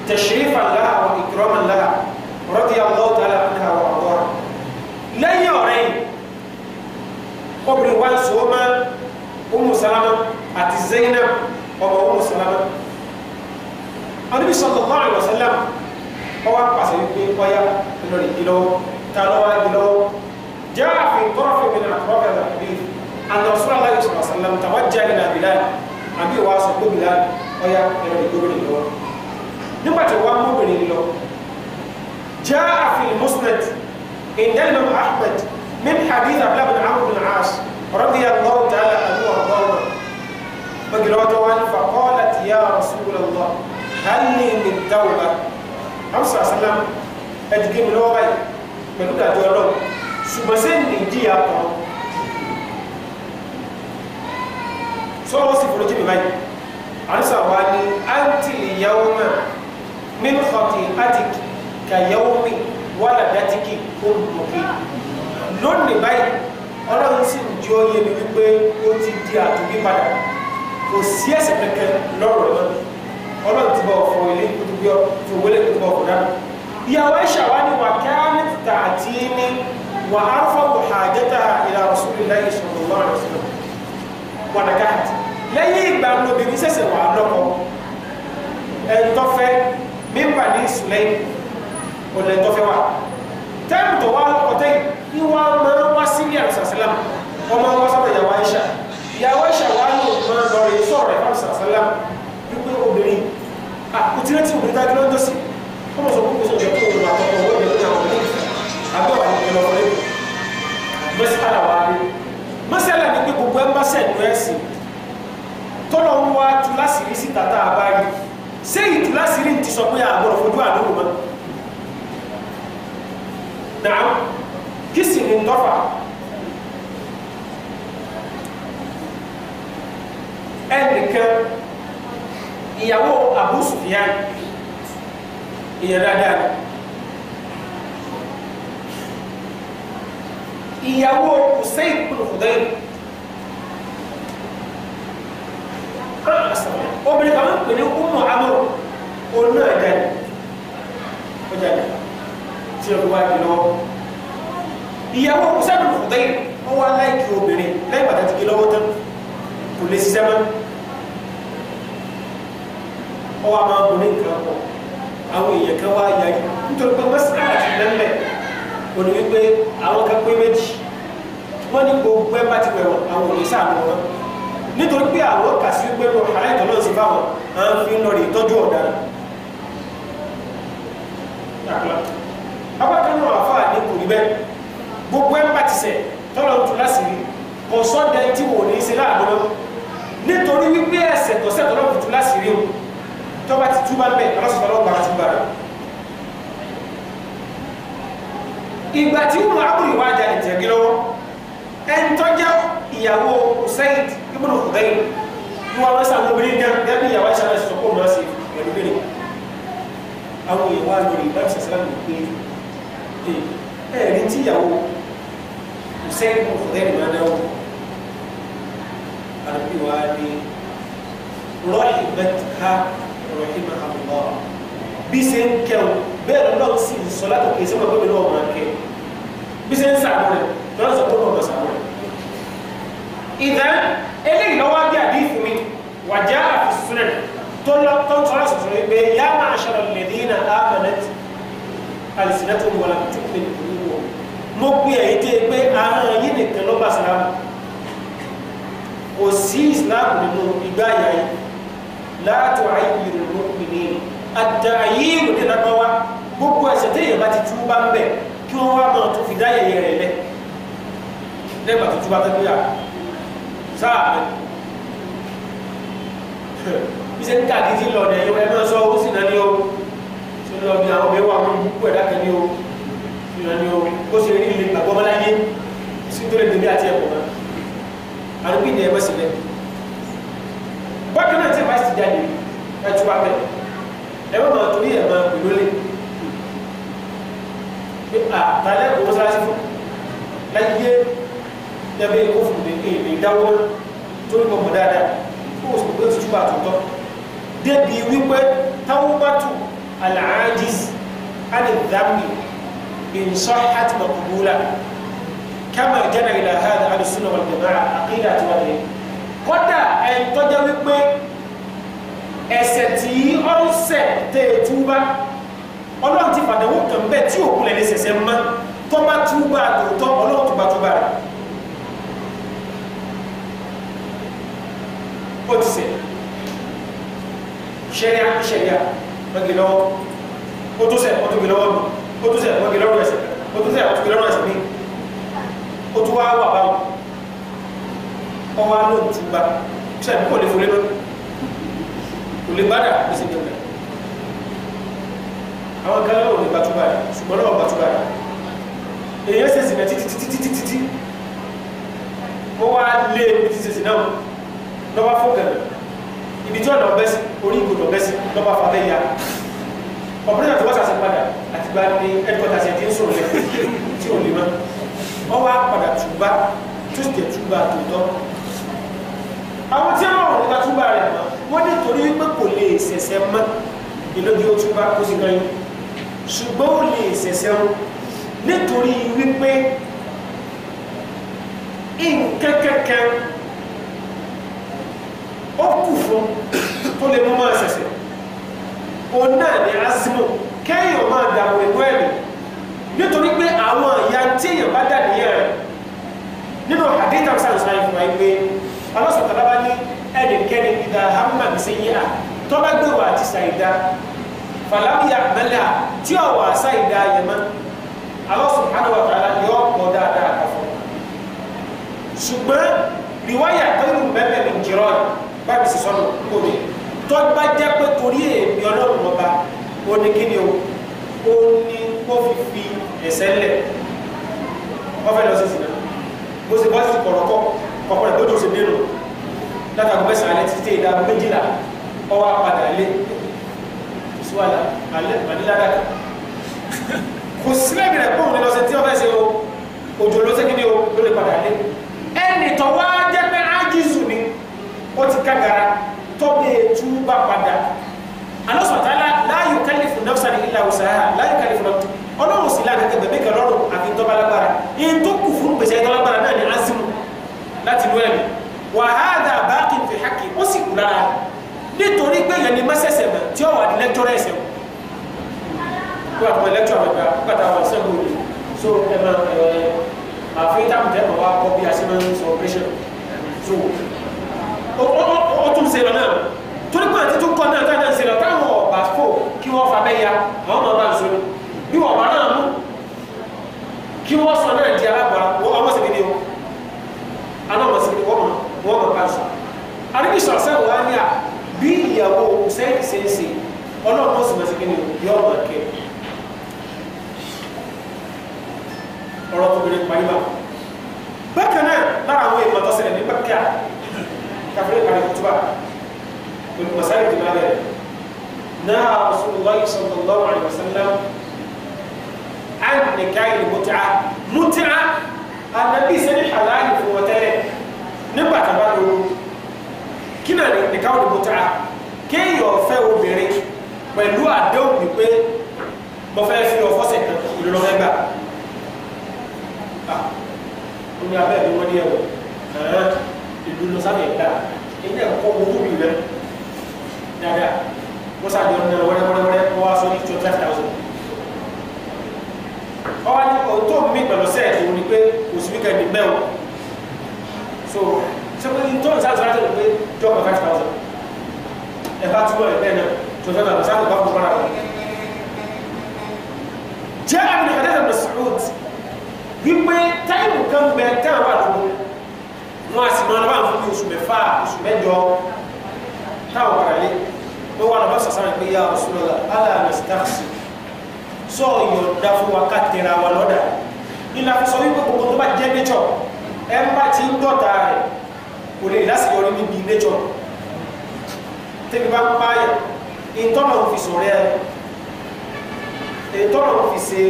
تشريفا لها وإكراما لها رضي الله تعالى عنها وأرضاها لا يرين قبل والسوما أم سلمة أتي زينب وأم سلمة النبي صلى الله عليه وسلم هو قصي بقيا لوري كيلو تلوى كيلو جاء في طرف من أطراف الحديث أن رسول الله صلى الله عليه وسلم توجه إلى بلال أبي واسق بلال ويا لوري كيلو nígbà tí wọ́n mú obìnrin lọ jaa fi musnad indal imam ahmed min hadith abdullah bin amr bin as radiyallahu ta'ala anhu wa rahmah bagilọ́tọ̀ wọn faqalat ya rasulallah hal li min tawba hamsa salam ẹ̀dìgé mi lọ́wọ́ báyìí pẹ̀lú dàjọ́ ọlọ́run ṣùgbọ́n sẹ́yìn ní ìjìyà kan sọ́wọ́ sì forí jìbì báyìí àrísà wa ni àǹtí ìyàwó náà min khati'atik ka yawmi waladatik ummuki lónìí báyìí ọlọ́run sì ń jọ yé mi wípé ó ti di àtúnbí padà kò sí ẹ̀ṣẹ̀ kẹ̀kẹ́ lọ́rọ̀ náà ọlọ́run ti bá ọ̀fọ̀ ilé ìdúgbò fòwélé ìdúgbò ọ̀fọ̀ náà ìyàwó ẹ̀ṣà wa ni wà káàní tààtì ní wà arfa'u hajataha ila rasulillahi sallallahu alaihi wasallam wà nàkàtì lẹ́yìn ìgbà lóbi ní sẹ̀sẹ̀ wà lọ́kọ̀ọ́ ẹ̀ńtọ́fẹ́ min bani sulaim ọ̀lẹ́tọ́fẹ́ wa tẹ́ẹ̀mù tó wá lọ́kọ̀tẹ́ yìí wá máa wá sí ní àrùsàsílám ọmọ wọn sọ́dọ̀ yàwó àìṣà yàwó àìṣà wà ní òkúta lọ rẹ̀ sọ̀rọ̀ rẹ̀ àrùsàsílám wípé obìnrin àkùtìrẹ́tì obìnrin tájú lọ́jọ́ sí ọmọ sọ fún kòsò ìjọba òun àtọkọ owó ìjọba náà wọlé àbẹ̀wò àyẹ̀kẹ́ lọ́wọ́lé mẹ́sàlá wà á rí mẹ́sàlá ni pé gbogbo ẹ ṣé ìtìlásìrì ti sọ pé àgbọ̀rọ̀ fojú àdúgbò mọ́ náà kí sì ni tọ́fà ẹnìkan ìyàwó Abu Sufyan ìyẹn dáadáa ìyàwó Usayd bin obìnrin kan máa ń pè ní umu amuru òun náà jáde ó jáde tí o wá di lọ́wọ́ ìyàwó sẹ́nu fùtẹ́yìn ó wá láìkí obìnrin lẹ́yìn pàtàkì kí lọ́wọ́ tán kò lè ṣiṣẹ́ mọ́ ó wá máa ń bọ̀ ní nǹkan pọ̀ àwọn èèyàn kan wá yarí nítorí pé mọ́sálà ti lẹ́lẹ̀ òní wípé àwọn kan pé méjì wọ́n ní gbogbo ẹ̀ bá ti pẹ̀ wọ́n àwọn òní sáà lọ́wọ́ nítorí pé àwọn kà sí pé wọn ará ìtọ́ náà sì fáwọn à ń fi lọ rí ìtọ́jú ọ̀daràn. apákan náà àfa ní kò rí bẹ́ẹ̀ gbogbo ẹ̀ ń bàtìsẹ̀ tọ́lọ̀ ń tu láṣìírí kò sọ́dẹ̀ tí wò ní í ṣe láàbọ̀ náà nítorí wípé ẹ̀ṣẹ̀ tọ́sẹ̀ tọ́lọ̀ ń tu láṣìírí o tọ́ba ti túbà ń bẹ̀ alásùfà lọ́gbà á rẹ̀. ìgbà tí gbọ́dọ̀ kò bẹ́yìn ní wọn wáṣà wọn obìnrin gan gẹ́gẹ́ ìyàwó àṣà náà sọ pé òun náà ṣe pẹ̀lú bèrè àwọn èèyàn wá lórí ìbá ìṣẹ̀ṣẹ̀ láti pé ẹ ẹ rí tí ìyàwó kò sẹ́yìn kò fọ̀rẹ́ ìmọ̀ náà àdúgbò wa ni rọ́ọ̀lì mẹ́ta rọ́ọ̀lì máa ń bọ̀ bí ṣe ń kẹun bẹ́ẹ̀ ló lọ́wọ́ sí ìsọ̀lá tó kìí sọ́kọ̀ gómìnà ọ̀mà kẹ́ bí ṣe ń sàmúlẹ̀ lọ́wọ́ sọ gómìnà ọ̀mà sàmúlẹ̀ ìdá eléyìí lọ́wọ́ bí àdífù mi wàjá àfi sunan tó lọ tó ń sọ̀rọ̀ sọ̀rọ̀ pé yá máa ṣọ̀rọ̀ lẹ́dínà amanat alìsìnàtò wọlé tó pè ní ìlú wọn mo pe èyí tẹ́ pé ahọ́n yín nìkan ló bá sàlámù kò sí ìsìláàmù nínú ìgbà yà yìí láàtò ayé ìrònú ìnìyàn àdàyé ìrònú náà wá gbogbo ẹsẹ̀ téèyàn bá ti tú bá ń bẹ̀ kí wọ́n wá mọ̀ tó fi dá yẹ̀yẹ̀ rẹ̀ lẹ̀ lẹ́gbàá tó tú bá fẹ́ sáà iṣẹ́ ní kàdíjì lọ ní ẹ̀yọ́ ẹ̀mọ́ sọ ó sì náà ní o ṣe lọ bí àwọn mẹ́wàá mú púpọ̀ ẹ̀dá kan ní o ṣe náà ní o ó ṣe rí ilé gbàgbọ́ ọmọláyé sí tó lè débi àti ẹ̀kọ́ náà àdúgbò ìdí ẹ̀mọ́ sílẹ̀ bọ́dún náà tí ìwà sì jáde ẹ̀tú wa bẹ̀ ẹ̀mọ́ máa torí ẹ̀ máa pè lólè pé àtàlẹ́ kò mọ́sálásí fún láyé da bai kofu da ke mai dáwọ́ tó ń gbọmọ dáadáa kó o sì gbé oṣù túbà tó tọ́ débi wípé tawbatu al-ajiz alìdámi inṣọ́hat makubula kama jana ila hada al-sunna wal jamaa aqida àti wàlẹ̀ kódà ẹni tó jẹ́ wípé ẹ̀ṣẹ̀ tí ọ̀rùn sẹ̀ tẹ̀ túbà ọlọ́run ti fàdánwò kàn bẹ́ẹ̀ tí òkú lẹ́ni ṣẹ̀ṣẹ̀ mọ́ tọ́ba túbà tó ọlọ́run tó bá túbà rẹ̀. bó ti ṣe sẹ́ríà sẹ́ríà ọ̀gẹ̀ lọ́wọ́ ó tó sẹ̀ ó tó gẹ̀ lọ́wọ́ mi ó tó sẹ̀ ọ̀gẹ̀ lọ́rùn ẹ̀sẹ̀ ó tó sẹ̀ ó tó gẹ̀ lọ́rùn ẹ̀sẹ̀ mi ó tó wá wà báwọn ọwọ́ alóhùn ti gba sẹ́ni kò lè fọlé lónìí kò lè gbádà bí sì dẹ̀mẹ̀ àwọn gánà ò lè gbàtúgbà rẹ̀ ṣùgbọ́n náà gbàtúgbà rẹ̀ èyí ẹ̀sẹ̀ sì náà títí títí títí wọ́n wá lé títí sì náà dɔba fo gɛlɛ ibi tí ɔdɔ bɛsi orí ìgò dɔ bɛsi dɔba fa bɛ ya ɔpɛrɛ náà tó bá sase padà àti gba ni ɛdikɔta sɛ ti ń sòrò lɛ tí o lè ma ɔwɔ apadà tuba tó ti tẹ tuba tó tɔ àwọn tí wọn wọlé ka tuba rẹ ma wọn ní torí pé kò lè sẹsẹ ma ìlódì o kó sì gbẹ̀yìn ṣùgbọ́n o lè sẹsẹ o nítorí wípé nkẹkẹkẹ ó kù fún tó lè mú máa ṣẹ̀ṣẹ̀ òun náà ní azimu kéèyàn máa dààmú ìlú ẹ̀mí nítorí pé àwọn àyà tí èèyàn bá dà níyà rẹ̀ nínú àdéhùn tàbí sàrùsà ìfún wa pé alọ́sọ̀tàlá bá ní ẹnìkẹ́ni ìdá hamman sí yíyà tó bá gbèrò àti ṣàìdá fàlàbíyà mẹ́lẹ̀ tí ọ̀wọ̀ àṣà ìdá yẹ̀mọ́ alọ́sọ̀tàlá wà tààlà yọ ọ̀pọ̀ dáadáa kàfọ́ ṣùgbọ́n rìwáyà tó ń bẹ́ẹ̀ bẹ́ẹ̀ ń jìrọ̀ yìí báyìí sì sọnù kò ní tọ́gbà jẹ́ pé torí èmi ọlọ́run ọba ó ní kíni o ó ní kó fi fi ẹ̀sẹ̀ lẹ̀ ọ̀fẹ́ lọ sí ìsìnà bó ṣe bá sì kọ̀rọ̀ kọ́ ọ̀pọ̀ rẹ̀ lójú ṣe dé nù látàgbọ́ mẹ́sàn-án alẹ́ títí ìdá méjìlá ọwọ́ apàdà lé ìṣúwàlà alẹ́ màdíládà kò sílẹ̀ bìrẹ̀ kóhùn ní lọ́sẹ̀ tí wọ́n fẹ́ ṣe o òjò ló ṣe kí ni o ló lè padà lé ẹnì tọ́wọ́ ó ti kágara tọ́bẹ̀ túbà padà alọ́sọ̀tàlá láàyò kálífù nafsan illa wùsàá láàyò kálífù náà ọlọ́run sì láàrín kẹgbẹ̀ mẹ́kẹ lọ́rùn àfi tọ́ba lágbára in tó kù fún gbèsè ìtọ́lágbára náà ni azimu láti lú ẹ̀mí wa hadha baqin fi haqqi ó sì kú lára nítorí pé yẹn ni mẹ́sẹ̀sẹ̀ mẹ́ tí ó wà ní lẹ́kítọ́rọ̀ ẹ̀sẹ̀ o kó àtúmọ̀ lẹ́kítọ̀ àwọn ìgbà pátá wọn sẹ́gun òní so ẹ̀ máa ẹ̀ àfi táwọn tẹ́ mọ̀ wá kọ́ bí a ṣe máa ń sọ operation so o tún ṣe lọ náà torí pé àti tún kọ́ náà táwọn ṣe lọ táwọn ọ̀bà fò kí wọ́n fa bẹ́ẹ̀ ya àwọn ọmọ bá ń sọ ni bí wọ́n bá náà mú kí wọ́n sọ náà di alábàárà wọ́n ọmọ sì nílé wọn aláwọ̀ sì nílé wọ́n mọ̀ wọ́n mọ̀ bá ń sọ. àríbí sọ̀sẹ̀ wà ní à bí ìyàwó sẹ́yìn sẹ́yìn ọlọ́run ó sì mọ̀ sí kí ni yọ̀ọ́ mọ̀ kẹ́ ọ̀rọ̀ tó bẹ̀rẹ̀ pàyíbà bákan náà lára àwọn ìmọ̀tọ́sílẹ̀ ní kafin kare kutuba min masajid magana na rasulullah sallallahu alaihi wasallam an nikahi mut'a mut'a annabi ah, sani halali fún wotare ne ba ta ba do kina ni nikahi mut'a ke yo fẹ́ obìnrin pẹ̀lú àdéhùn ni pé mo fẹ́ fi ofo se kan ilo lo gba ah o ni abẹ́ mi wọ́n ní ẹ̀wọ̀ ìlú lọ sábẹ̀ ẹ̀ka ẹ̀yìn ẹ̀kọ́ owó mi rẹ dáadáa wọ́n sáré ọ̀nà wẹ́rẹ́wẹ́rẹ́ wọ́n wá sọ ní twenty five thousand. ọwọ́ ní ọ̀tọ́ mi pẹ̀lú sẹ́ẹ̀ tó ní pé oṣù mi kẹ́ni mẹ́wọ̀ so sẹ́kọ̀ọ́ ní tọ́lù sáré sáré tó pé twelve point five thousand ẹ̀ bá túbọ̀ ẹ̀ bẹ́ẹ̀ náà twenty five thousand sáré bá kú fúnra rẹ̀. jẹ́ àmì ìkàdé ìgbà wọn a sì máa lọ́wọ́ àwọn fún mi oṣù mẹ́fà oṣù mẹ́jọ táwọn kàlẹ́ wọ́n wà lọ́wọ́ sàṣà pé yá Rasulullah aláàmì sítáàsì sọ ìyọ̀ǹda fún wa ká tẹ̀ra wa lọ́dà nílá fi sọ wípé gbogbo tó bá jẹ́ nẹ́tsọ̀ ẹ̀ ń bá ti ń dọ̀ta rẹ̀ kò lè lásìkò níbi nẹ́tsọ̀ tẹ́bi bá ń pààyà ìtọ́nà òfin sọ̀rọ̀ ẹ̀ ìtọ́nà òfin ṣe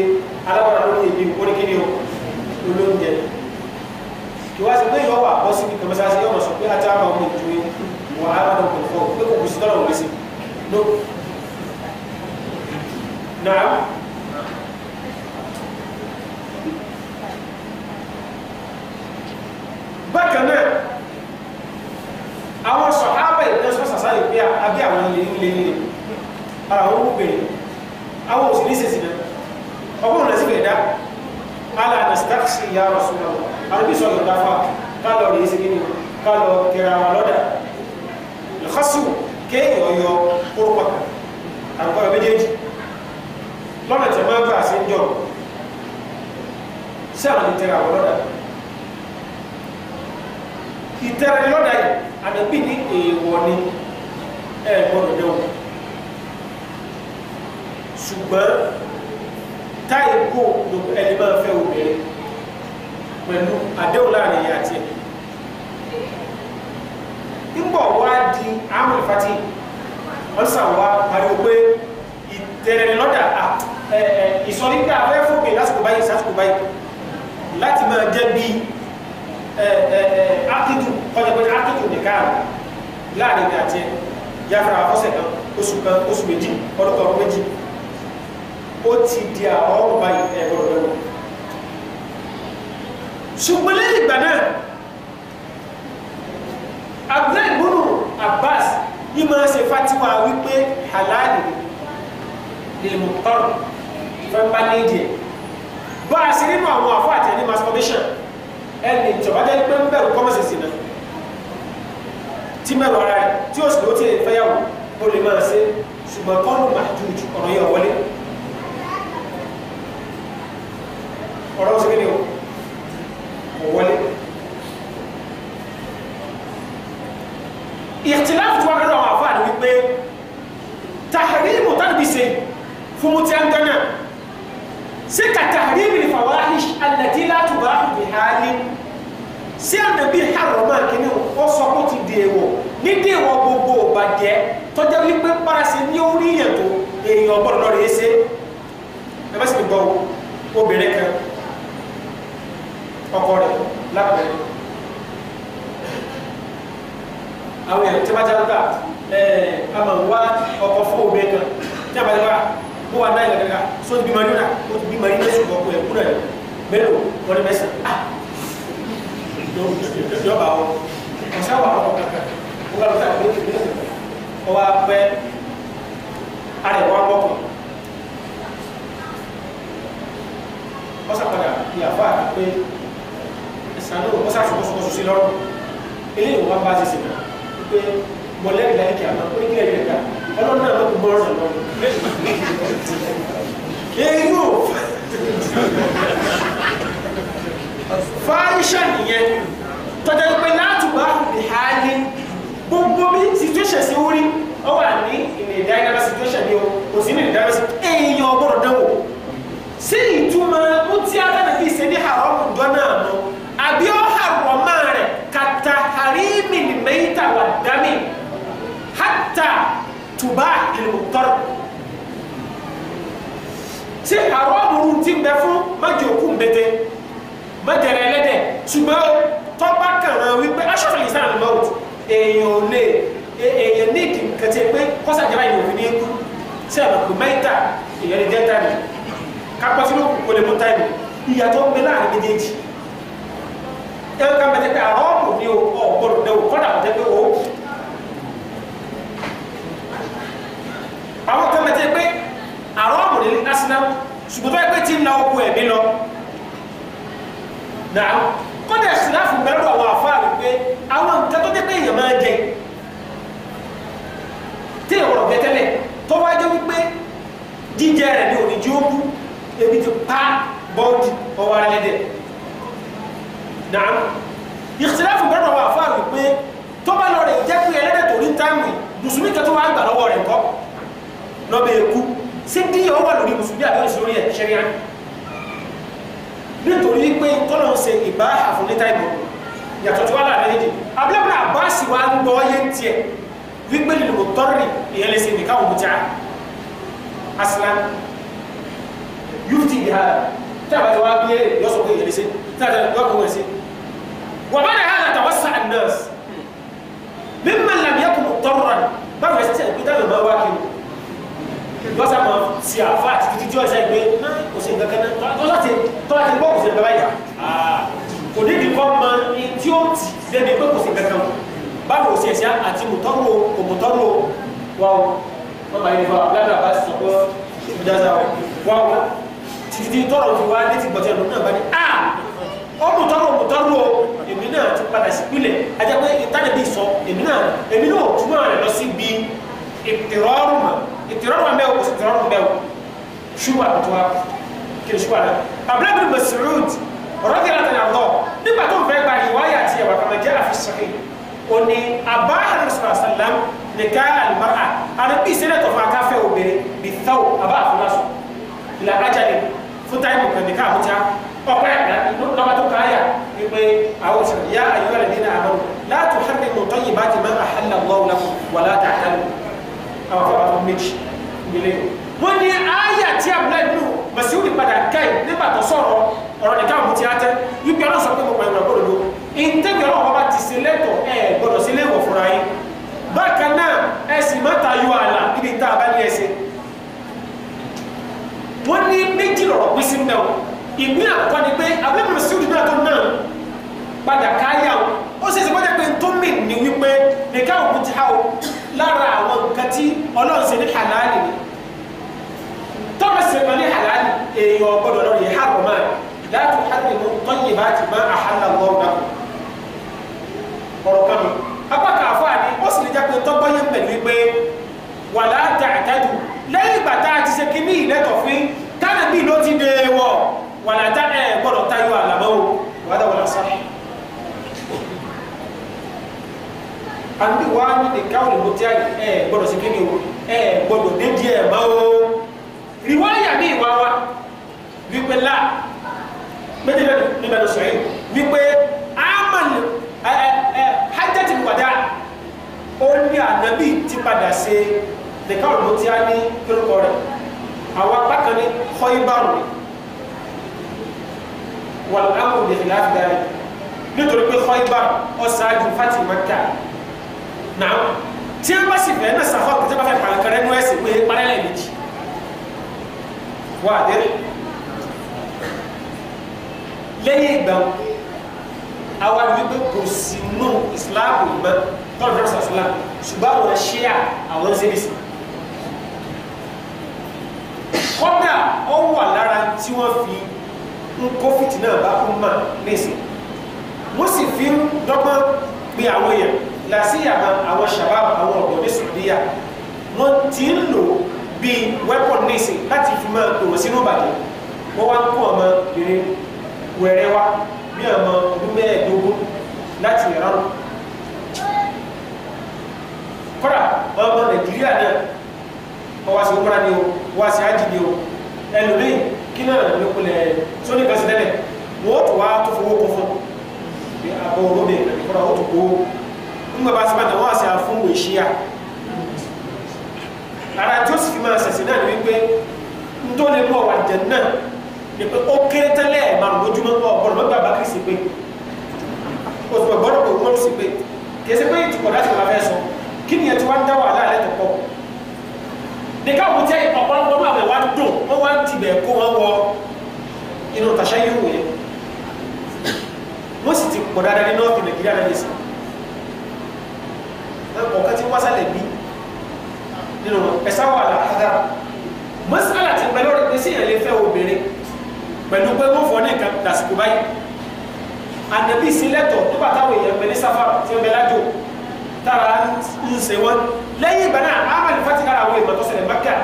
alábàárà lórí èmi òkúrikíni o olóúnjẹ kí wá sí pé yọ wà bọ́ síbi kan mọ́sáàsì yọ mọ̀ sọ pé ajá máa mú ìdúró wọn á máa mú ìfọ pé kò kù sí tọ́lọ̀ wọ́n no náà bákan náà àwọn sọ̀hábà ìpínlẹ̀ sọ́sà sáyé pé abí àwọn ilé ilé ilé ara wọn kú bẹ̀rẹ̀ àwọn òsì ní sèṣin náà ọgbọ́n náà sì fẹ̀ dá ala nastaxi ya rasulallah arabi sọlọ dafa k'a lọ de sigi ni k'a lọ kẹra wa lọ da lẹkasi kéye ọyọ kórópa àgbà bẹ dé di lọ́nà tẹ máa gbà sí njọ sí àwọn ìtẹ̀rẹ̀ àwọn lọ́dà ìtẹ̀rẹ̀ lọ́dà yìí àdàbí ní èèwọ̀ ni ẹ gbọ́dọ̀ dẹ́wọ̀ ṣùgbọ́n táyì gùn ló ẹni máa fẹ́ obìnrin pẹ̀lú àdéhùn láàrin ìyá àti ẹ̀ nígbà wá di àmì ìfàtí wọ́n sàn wá pariwo pé ìtẹ̀rẹ̀ lọ́dà ìsọ̀nígbà afẹ́ fòkè lásìkò báyìí sásìkò báyìí láti máa jẹ́ bí akidu kọjọpẹ́jọ akidu nìkan láàrin ìyá àti ẹ̀ yàtọ̀ àkọsẹ̀ kan oṣù kan oṣù méjì ọdún kan méjì ó ti di ọrùn báyìí ẹ gbọ́dọ̀ lọ́wọ́ ṣùgbọ́n lẹ́yìn ìgbà náà abdullahi bunu abbas yìí máa ṣe fatiwa wípé halali ilmu tọrọ fẹmbá lédi ẹ bá a ṣe nínú àwọn àfọ àti ẹni masturbation ẹni ìjọba jẹ pé ń bẹ̀rù kọmọsẹsẹ náà tí mẹrù ara rẹ tí ó sì ló ti fẹ́yàwó ó lè máa ṣe ṣùgbọ́n kọ́nù màjújù ọ̀rọ̀ yẹn wọlé. ọ̀rọ̀ sí kíni o kò wọlé ìtìláàfù tí wọ́n kẹ́lọ́ àwọn àfáà ní wípé tahrimu tàbíse fún mú tí a ń gánà sí ka tahrimu ní fawahish allati la tubahu bi halin sí ànàbí haroma kìíní ó sọ kó ti dèèwọ̀ ní dèèwọ̀ gbogbo bàjẹ́ tọ́jà wípé parasi ní orí yẹn tó èèyàn gbọ́dọ̀ lọ́ọ́ rèé ṣe ẹ bá sì gbọ́ obìnrin kan lápẹẹrẹ àwọn èèyàn tí wọ́n já lóta ẹ̀ẹ́ àmọ̀ wá ọkọ̀ fún omi kan tí a bá yẹ wá kó wa náà yẹ kaka so bí mari náà o bí mari náà sùn kọ́kọ́ yẹ kúrò yẹ mélòó wọ́n bẹ sàn ah yọba o ọ̀sán wà lọ́wọ́ kankan o ka lọ́ta ìwé ìwé o wa pẹ́ alẹ̀ wọ́n bọ̀ kọ́ ọ̀sán padà yàfa pé sànú ó sàfọwọ́sowọ́sọ sí lọ́rùn eléyìí wọ́n bá ṣe sèkà pé mọ̀lẹ́rì láyé kí a máa pé kílẹ̀ yẹn ká ọlọ́run náà ló kún mọ́ ọ̀rọ̀ lọ́rùn. inú fáyíṣà nìyẹn tọ́jà pé látùbá ìhálí gbogbo bí situation sí orí ó wà ní ìrìn ìdáyẹ̀dára situation ni o kò sí ní ìdáyẹ̀dára sí èèyàn ọgbọ́dọ̀ dánwò sí ìtumọ̀ mú tí a dáná fi ṣe ní àwọn ọkùnjọ náà lọ àbí ó hàrọ̀mọ́ rẹ̀ kàtà hàrímì mẹ́ta wà dámì hàtà tùbá ìlùmọ̀tọ́rọ̀ tí àrọ́mùrù ti ń bẹ fún májòkú ń bẹ́tẹ́ mẹ́tẹ̀rẹ̀ ẹlẹ́dẹ̀ ṣùgbọ́n tọ́pá kàrán wípé aṣọ́fẹ̀lì sáà ló mọ́wọ́ èèyàn lè èèyàn ní ìdí nǹkan tí ẹ pé kọ́sàjọba ìlú òfin ní kú sí láàrin méjèèjì ẹ ká bẹ tẹ́tẹ́ àrọ́ kò ní o ọ̀ gbọ́dọ̀ dẹ o kọ́dà kò tẹ́tẹ́ o. àwọn kan bẹ tẹ́ pé àrọ́ kò ní lásìlá ṣùgbọ́n tó yẹ pé tí ń na oko ẹ̀mí lọ. Nà kọ́dà ìsìláfù bẹ̀rù àwọn àfáà rẹ̀ pé àwọn nǹkan tó tẹ́ pé èèyàn máa jẹ tí ìwọ̀rọ̀ bẹ tẹ́lẹ̀ tó wá jẹ́ wípé jíjẹ rẹ̀ ní òní jí ó kú ebi ti pa bọ́ọ̀dì ọwọ́ ara lẹ́dẹ̀ẹ́ náà ìṣẹ̀lẹ̀fù gbọ́dọ̀ wà fáà wípé tó bá lọ rẹ̀ jẹ́ pé ẹlẹ́dẹ̀ tó rí táìmù mùsùlùmí kan tó wà gbà lọ́wọ́ rẹ̀ kọ́ lọ́bẹ̀ èkú sí díyọ̀ wà lórí mùsùlùmí àbí òṣèlú ẹ̀ ṣẹ́ríà nítorí pé tọ́lọ̀ ń ṣe ìbá àfúnlé táìmù yàtọ̀ tó wà láàrin méjì abúlébùnà àbáàsì wa ń gbọ́ yé ń tiẹ̀ wípé lè lò yóò ti yà á tí a bá ti wá gbé yọ̀sọ̀ pé ìyẹlẹsẹ̀ tí a ti wá gbé wọn sí وبعد هذا توسع الناس ممن لم يكن مضطرا بل يستهبط المواكب lọ́sà máa ṣe àfa àti títí tí wọ́n ṣe gbé kò sí nǹkan kan náà tọ́lá ti tọ́lá ti gbọ́ kò sí nǹkan báyà kò ní ìdíkọ́ mọ tí ó ti débi pé kò sí nǹkan kan báwo ò ṣe ṣe àti mùtọ́rò kò mùtọ́rò wa o wọ́n máa yẹ fún wa ládàá bá sọ pé ìdájà wa o títí tọ́lá òfin wa létí gbọ́tẹ́ lónìí náà bá ní a ọdún tọrọ ọdún tọrọ èmi náà ti padà sí pílẹ̀ ajá pé ìtànàbí sọ èmi náà èmi náà túmọ̀ rẹ̀ lọ sí bí ìtìrọ́rùn mà ìtìrọ́rùn àmẹ́ òkú ìtìrọ́rùn bẹ́ẹ̀ ṣùgbọ́n àtúntò wa kiri ṣùgbọ́n àná Abdullahi bin Mas'ud ọ̀rọ̀ kí látàn àlọ́ nígbà tó ń fẹ́ gba ìwáyà àti ẹ̀wà kàmá jẹ́ àfisàkì òní àbá àdìsàlám fún táìmù kan nìkan àbújá ọ̀pá ẹ̀dá lọ́ba tó ká yà wípé àwọn òṣèlú yá àyùbá rẹ̀ nínú àbọ̀rù láti hàbí mu tọ́yì bá ti máa àhàlà lọ́wọ́ lápò wà láti àhàlù àwọn fọwọ́ tó méjì nílé. wọ́n ní àyà tí abúlé nù màsíwò ní padà káì nígbà tó sọ̀rọ̀ ọ̀rọ̀ nìkan àbújá ti àtẹ wípé ọlọ́sọ̀ pé mo pa ìwà lọ. ìtẹ́gbẹ̀rẹ̀ ọ̀hún ti ṣe lẹ́tọ̀ ẹ̀ gbọ́dọ̀ sí ilé fúnra yín. bákan náà ẹ̀sìn mọ́ta yọ àlà níbi tá a bá ní ẹ̀sìn wọ́n ní méjì lọ́rọ̀ pín sí mẹ́wọ̀ ìmí àkọ́ ni pé abẹ́bẹ̀rẹ̀ sí òdìbò àtọ́ náà padà káyà o ó sì ṣe kọ́jà pé tó mì ní wípé nìkan òkú ti há o lára àwọn nǹkan tí ọlọ́run ṣe ní halali ni tọ́lá ṣe máa ní halali èèyàn ọgbọ́dọ̀ lọ́rọ̀ yẹn hàbọ̀ máa láti hàbìmù tọ́yìn bá ti máa àhálà lọ́rùn náà ọ̀rọ̀ kan mi apá kàáfà ni ó sì lè jẹ́ pé tọ́gbọ́yé pẹ̀lú pé wàlá tààtàdù lẹ́yìn ìgbà tá a ti ṣe kíní ìlẹ́tọ̀ fún tánàbí ló ti dé wọ̀ wàlá tá ẹ̀ gbọ́dọ̀ táyọ àlàmọ́ o wàdà wàlá sá. àbí wàá ní nìkan òun tí a ẹ̀ gbọ́dọ̀ ṣe kíní o ẹ̀ gbọ́dọ̀ dédìí ẹ̀ máa o rìwáyà ní ìwà wa wípé lá méjìlélẹ́ níbẹ̀ ló sọ yìí wípé ámàlì ẹ̀ ẹ̀ hajjati wàdà ó ní ànábì ti padà ṣe dekaru ló ti á ní kírúkọ rẹ̀ àwọn apá kan ní kọ́íbàrù ni wal amru bi khilafi dalik nítorí pé kọ́íbàrù ọ̀sáájú fati maka náà tí a bá sì fẹ́ náà sàfọ́ kò tí a bá fẹ́ pàlàkàrẹ́ nú ẹ̀sìn pé parẹ́lẹ̀ méjì wà á dẹ́rẹ́ lẹ́yìn ìgbà àwọn àdúgbò kò sí nù ìsìláàmù ìmọ̀ tọ́lù fẹ́ràn sàṣìlá ṣùgbọ́n àwọn ṣíà àwọn ṣẹ́bìsì ó wà lára tí wọ́n fi ń kó fìtínà bá kú mà nísìn wọ́n sì fi ń dọ́gbọ́n pe àwọn èèyàn làásìyà àwọn shabab àwọn ọ̀dọ́ ní sùdíyà wọ́n ti ń lò bí wẹ́pọ̀n nísìn láti fi máa tòrò sínú ìbàdàn wọ́n wá ń kó ọmọ ìrìn wẹ̀rẹ̀ wa bí ọmọ ọdún mẹ́ẹ̀ẹ́dógún láti ìrọ̀rùn kọ́ra ọmọ nàìjíríà náà wọ́n wá sí ọmọ náà ni o wọ́n wá sí ájì ni o ẹlòmíì kí náà ló kulẹ̀ sóní kasi tẹ́lẹ̀ wọ́n tó wá tó fowó kún fún bí abọ́ olómi ìkọ́ra ó tó kó ńgbà bá sí bàtà wọ́n àṣà fún òṣì à ara tí ó sì fi máa ṣẹ̀ṣẹ̀ náà ni wípé ntọ́ni mọ̀ wà jẹ̀ náà ni pé ó kéré tẹ́lẹ̀ ẹ̀ máa lójúmọ́ ọ̀gbọ́n mọ́gbà bá kìí sí pé òṣùpọ̀ gbọ́dọ̀ kò wọ́n sí pé kì í ṣe pé ìtìkọ̀ láti wà fẹ́ sọ kí ni ẹ ti wá ń dá wàhálà rẹ̀ tó pọ̀ nìkan kò tẹ ọ̀pọ̀lọpọ̀ náà wẹ̀ wá dùn wọ́n wá ti bẹ̀ kó wọn wọ inú tàṣà yìí wò yẹn wọ́n sì ti pọ̀ dáadáa ní nọ́ọ̀tì nàìjíríà náà lè sè ọ̀kan tí wọ́n sálẹ̀ bí nínú ẹ̀sán wà láàdá mọ́sálà ti pẹ̀lú ọ̀rẹ́ pé sí ìrẹ̀lẹ̀ fẹ́ obìnrin pẹ̀lú pé wọ́n fọ́ ní nǹkan lásìkò báyìí ànàbí sílẹ̀tọ̀ nígbà táwọn èèyàn pẹ̀lú sáfà ti ń bẹ lájò tára ń ṣe wọn lẹ́yìn ìgbà náà amali fati kára àwọn ìmọ̀ tó ṣẹlẹ̀ Mákà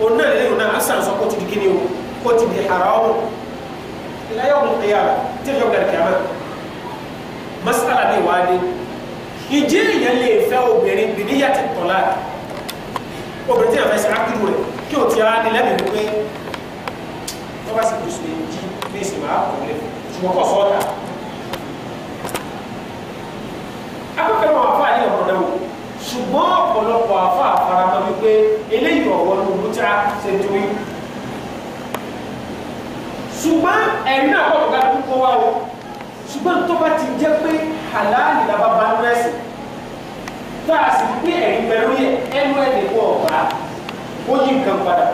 òun náà lẹ́yìn náà asan sọ kó ti di kíni o kó ti di haramu ìlàyé ọ̀hún ẹ̀yà tí ìjọba ìdàkẹ́ àmà masala ni wàá dé ìjẹ́ èèyàn lè fẹ́ obìnrin bìnní yàtì tọ́lá obìnrin tí yàtọ̀ ẹ̀sẹ̀ ákìlú rẹ̀ kí o ti ara ní lẹ́mìí wípé wọ́n bá sì kù sí jí ní ìsìn máa kọ̀ lẹ́fọ̀ ṣùgbọ́n ṣùgbọ́n ọ̀pọ̀lọpọ̀ àfa àfaramọ́ wípé eléyìí ọ̀wọ́ ló ń ta ṣe tó yín ṣùgbọ́n ẹ̀rí náà kọ́ ọ̀gá púpọ̀ wá o ṣùgbọ́n tó bá ti jẹ́ pé àlàálì làbá bá ń rẹ́sì tá a sì gbé ẹ̀rí pẹ̀lú yẹ ẹnu ẹ̀dẹ̀ kọ́ ọ̀gá ó yí nǹkan padà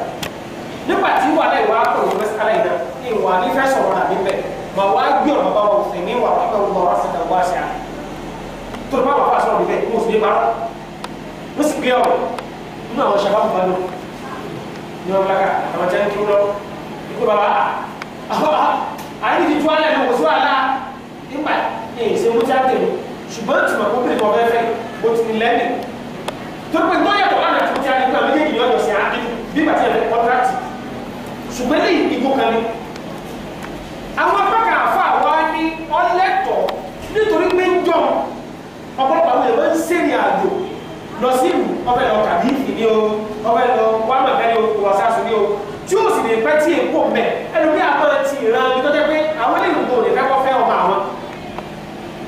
nígbà tí wà láì wá pọ̀ lọ́wọ́ sálà yìí náà ìwà ní sọ̀rọ̀ náà níbẹ̀ mà wá gbé ọ̀nà bá wà òfin ní wà pípẹ́ wọ́n wá sí wọ́n sì gbé ọ̀ nínú àwọn ṣàbáwò bá lọ ní ọmọ lága àwọn jẹ́ kí Aku. lọ ikú bàbá àyè ti ju alẹ́ lọ́wọ́ sí wàhálà nígbà yẹn ṣe mú jáde mi ṣùgbọ́n tùmọ̀ kó bèrè kọ́ bẹ́ẹ̀ fẹ́ mo ti Kau lẹ́nu tó pé tó yẹ kó lánàá tó ti alẹ́ pé àwọn méjèèjì yọ̀ọ́ sí àdínkù bí bàtí ẹ̀ fẹ́ kọ́ńtrátì ṣùgbọ́n ní ìgbó kan ni àwọn apákà àfa wa ní ọlẹ́tọ̀ nítorí pé ń nọsíìmù ọbẹ̀ lọ tàbí ìfìdí o ọbẹ̀ lọ wàmọ̀kẹ́ni o wàsásù ni o tí o sì lè pẹ́ tí èkó mẹ́ ẹlòmí àmọ́ ti ìran ibi tó jẹ́ pé àwọn ilé ìgbò lè fẹ́kọ́ fẹ́ ọmọ àwọn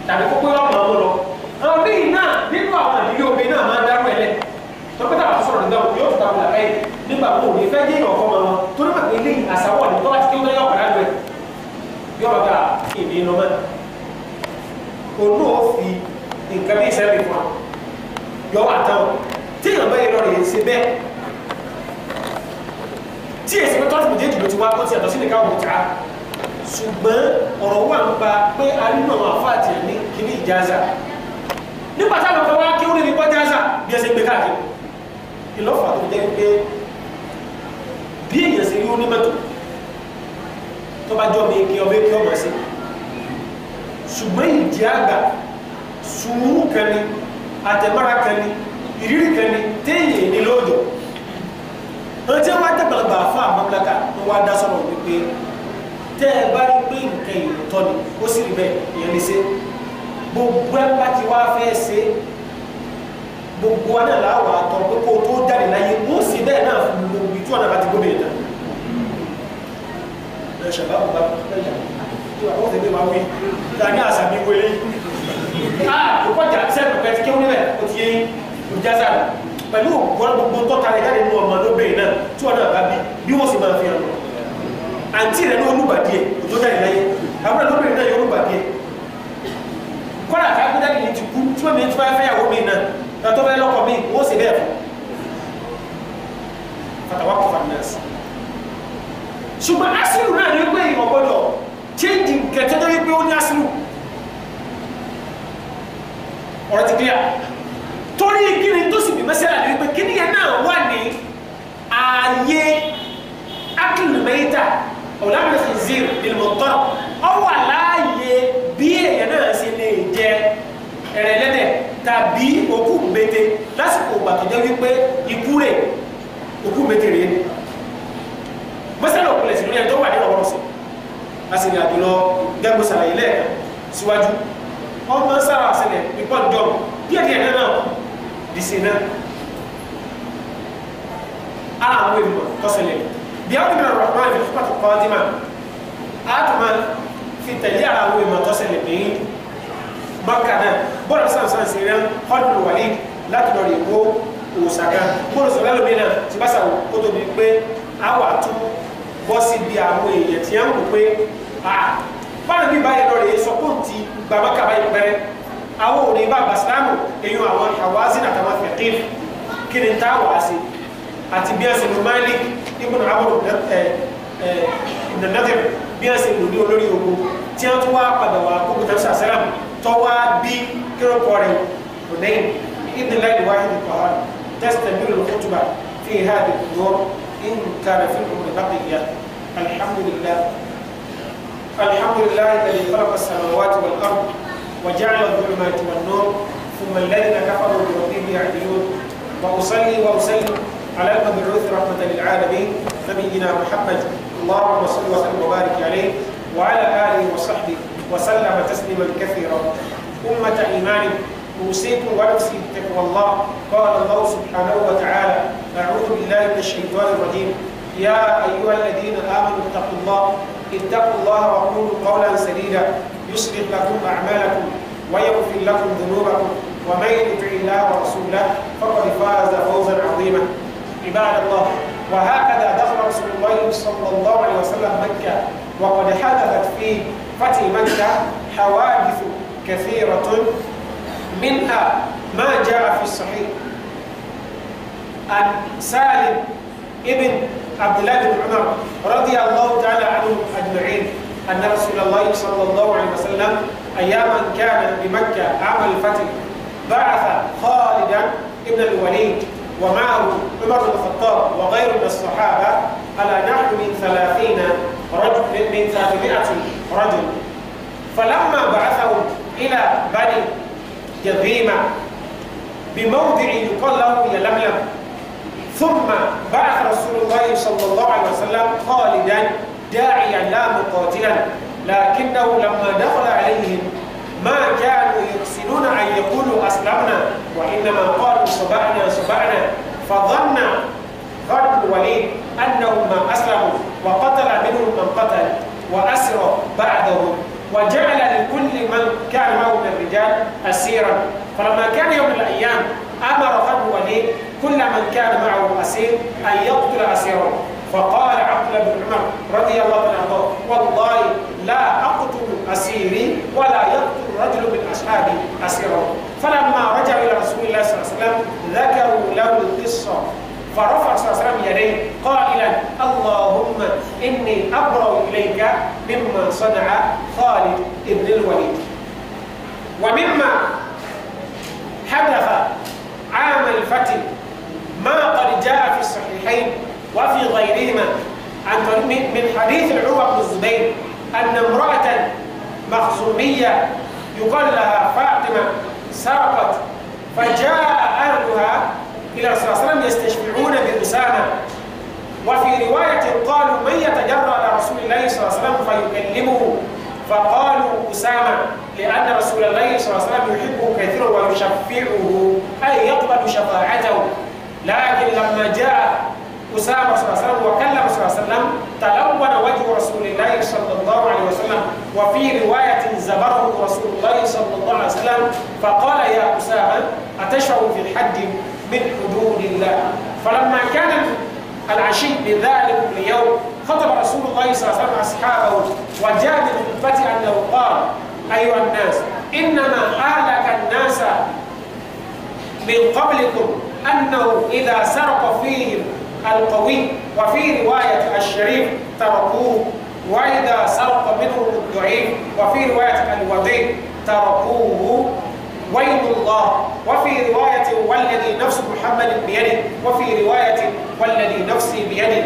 tàbí kókó ọmọ àwọn lọ. àwọn bíi náà nínú àwọn ìdílé omi náà máa ń dárú ẹlẹ́ tọ́pẹ́tà àti sọ̀rọ̀ nígbà wo yóò tàbí làbẹ́ yìí nígbà wo òní fẹ́ yéèyàn fọ́ ọmọ wọn torí màgbé ilé àsáwọ̀ ní tọ́lá ti kí wọ́n yọ̀ padà lọ ẹ̀ yọ̀rọ̀ ta ìdí yọ wà tán o tí èèyàn bẹ́ẹ̀ lọ rèé ṣe bẹ́ẹ̀ tí èsì pé tọ́sí méjèèjì ló ti wá kó ti àtọ̀ sí nìkan òkúta ṣùgbọ́n ọ̀rọ̀ wà ń pa pé arínú àwọn afáàtì ní kíní ìjáza nípa táwọn kan wá kí ó lè ní pọ́jáza bí ẹ ṣe gbé káàkiri ìlọ́fà tó jẹ́ pé bí èèyàn ṣe rí onímọ̀tò tó bá jọ mi kí ọmọ kí ọmọ sí ṣùgbọ́n ìjì àgbà sùúrù kan ni àtẹ̀mára kan ni ìrírí kan ni téèyàn ní lóòjọ́ wọn tí wọn dàgbàlagbà fún àmọ́bílàkà wọn wá dá sọ̀rọ̀ wípé tẹ́ ẹ bá rí pé nǹkan èèyàn tọ́ ni ó sì rí bẹ́ẹ̀ èèyàn lè ṣe gbogbo ẹ bá ti wá fẹ́ ṣe gbogbo wa náà láwà àtọ̀ pé kó o tó jáde láyé ó sì bẹ́ẹ̀ náà fún gbogbo ìtú ọ̀nà àti gómìnà náà ẹ ṣàbáwò bá ẹ yà ó fẹ́ bí wàá wí ní àṣà mi wọlé yìí. Ah, o kọjá sẹ́nu pẹ̀tí kéwọ́n níbẹ̀ o ti yé o jásá rẹ̀ pẹ̀lú ògbọ́n gbogbo tó ta ẹ̀ka nínú ọmọ lóbìnrin náà tí wọn náà bá bí bí wọ́n sì máa fi hàn àǹtí rẹ̀ ní olùbàdí ẹ̀ òjò jáde láyé àbúrò lóbìnrin náà yóò olùbàdí ẹ̀ kọ́lá kákúndé ni ti kú tí wọ́n mi tí wọ́n fẹ́ yàwó mi náà náà tó fẹ́ lọ́kọ̀ mi wọ́n sì bẹ́ẹ̀ fún fatawa kò fà nẹ́ẹ̀sì ṣùgbọ́n asiru náà ni ó gbé ìmọ̀ gbọ́dọ̀ chéńjì kẹtẹ́jọ́ yìí pé ó ní asiru ọ̀rọ̀ ti clear torí kíni tó sì bí mẹ́sàlá ni wípé kíni yẹn náà wà ní ààyè akílùmẹ́yìtà ọ̀làmìlẹ̀ khinzir ìlmọ̀tọ́ ọ wà láàyè bí èèyàn náà ṣe lè jẹ ẹ̀rẹ̀lẹ́dẹ̀ tàbí òkú mbete lásìkò ìgbà tó jẹ́ wípé ikú rẹ̀ òkú mbete rèé mẹ́sàlá òkúlẹ̀ sí lórí ẹni wà ní ọ̀rọ̀ sí a sì rìn àjò lẹ́ẹ̀kan síwájú ọmọ sára sílẹ̀ ìpọ̀ dọ̀ díẹ̀ díẹ̀ náà dìsí náà ala àwọn ènìyàn tọ́sílẹ̀ bí a kìí rọrọ máa fi pàtó kọ́ ọ́dí máa a tó máa fi tẹ̀lé ala àwọn ènìyàn tọ́sílẹ̀ ní mọ́kà náà bọ́ọ̀lù sàmsàn sí rẹ̀ ọdún wàlí láti lọ rí owó òòsàkà bọ́ọ̀lù sọ̀rọ̀ lómi náà ti bá sàwọ̀ kó tó pé a wà tún bọ́ sí bí àwọn èèyàn tí báwọn bí báyìí lọ́rẹ̀ yẹn sọ kó ti bàbá kaba yìí pẹ́rẹ́ àwọn òde bá basilamu èyí àwọn hawazin àtàwọn fẹ̀kìn kí ni tá a wà á sí àti bí ẹsẹ̀ ló máa ń lé ibùdó àbúrò ìdàndàtẹ̀ bí ẹsẹ̀ ló ní olórí ogun tí wọ́n tún wá padà wá kó kùtà sàṣẹ́ràn tọ́wá bí kírọ̀kọ̀ rẹ̀ lónìí ìdílé ìwáyé nìkan تستمر الخطبة في هذه الدور إن كان في الأمر بقية الحمد لله الحمد لله الذي خلق السماوات والأرض وجعل الظلمات والنور ثم الذين كفروا بربهم يعدلون وأصلي وأسلم على المبعوث رحمة للعالمين نبينا محمد اللهم صل وسلم وبارك عليه وعلى آله وصحبه وسلم تسليما كثيرا أمة إيمان أوصيكم ونفسي بتقوى الله قال الله سبحانه وتعالى أعوذ بالله من الشيطان الرجيم يا أيها الذين آمنوا اتقوا الله اتقوا الله وقولوا قولا سديدا يصلح لكم أعمالكم ويغفر لكم ذنوبكم ومن يطع الله ورسوله فقد فاز فوزا عظيما عباد الله وهكذا دخل رسول الله صلى الله عليه وسلم مكة وقد حدثت في فتح مكة حوادث كثيرة منها ما جاء في الصحيح عن سالم ابن عبد الله بن عمر رضي الله تعالى عنهم أجمعين أن رسول الله صلى الله عليه وسلم أياما كان بمكة عام الفتح بعث خالدا ابن الوليد ومعه عمر بن الخطاب وغيره من الصحابة على نحو من ثلاثين رجل من ثلاثمائة رجل فلما بعثهم إلى بني جذيمة بموضع يقال له يلملم ثم بعث رسول الله صلى الله عليه وسلم خالدا داعيا لا مقاتلا لكنه لما دخل عليهم ما كانوا يحسنون أن يقولوا أسلمنا وإنما قالوا سبعنا سبعنا فظن ظن الوليد أنهم ما أسلموا وقتل منهم من قتل وأسر بعدهم وجعل لكل من كان معه من الرجال أسيرا فلما كان يوم الأيام أمر فهو لي كل من كان معه أسير أن يقتل أسيره فقال عبد الله بن عمر رضي الله عنه والله لا أقتل أسيري ولا يقتل رجل من أصحابي أسيره فلما رجع إلى رسول الله صلى الله عليه وسلم ذكروا له القصة فرفع صلى الله عليه وسلم يديه قائلا اللهم إني أبرأ إليك مما صنع خالد بن الوليد ومما حدث عام الفتن ما قد جاء في الصحيحين وفي غيرهما عن من حديث العروة بن الزبير أن امرأة مخزومية يقال لها فاطمة سرقت فجاء أهلها إلى صلى الله عليه وسلم يستشفعون بأسامة وفي رواية قالوا من يتجرأ على رسول الله صلى الله عليه وسلم فيكلمه فقالوا أسامة لأن رسول الله صلى الله عليه وسلم يحبه كثيرا ويشفعه أي يقبل شفاعته لكن لما جاء أسامة صلى الله عليه وسلم وكلم صلى الله عليه وسلم تلون وجه رسول الله صلى الله عليه وسلم وفي رواية زبره رسول الله صلى الله عليه وسلم فقال يا أسامة أتشعر في الحج من حدود الله فلما كان العشي بذلك اليوم خطب رسول الله صلى الله عليه وسلم أصحابه وجاء من أنه قال أيها الناس إنما أهلك الناس من قبلكم أنه إذا سرق فيهم القوي وفي رواية الشريف تركوه وإذا سرق منهم الضعيف وفي رواية الوديع تركوه ويل الله وفي رواية والذي نفس محمد بيده وفي رواية والذي نفسي بيده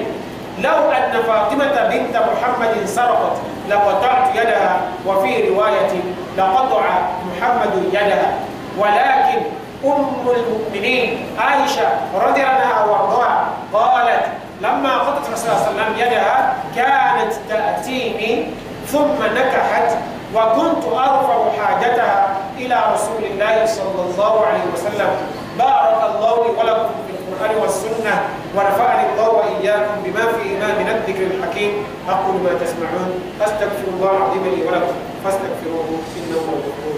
لو أن فاطمة بنت محمد سرقت لقطعت يدها وفي رواية لقطع محمد يدها ولكن أم المؤمنين عائشة رضي الله عنها وارضاها قالت لما قطعت رسول الله صلى الله عليه وسلم يدها كانت تأتيني ثم نكحت وكنت أرفع حاجتها إلى رسول الله صلى الله عليه وسلم بارك الله لي ولكم في القرآن والسنة ونفعني الله وإياكم بما فيهما من الذكر الحكيم أقول ما تسمعون أستغفر الله العظيم لي ولكم فاستغفروه إنه هو الغفور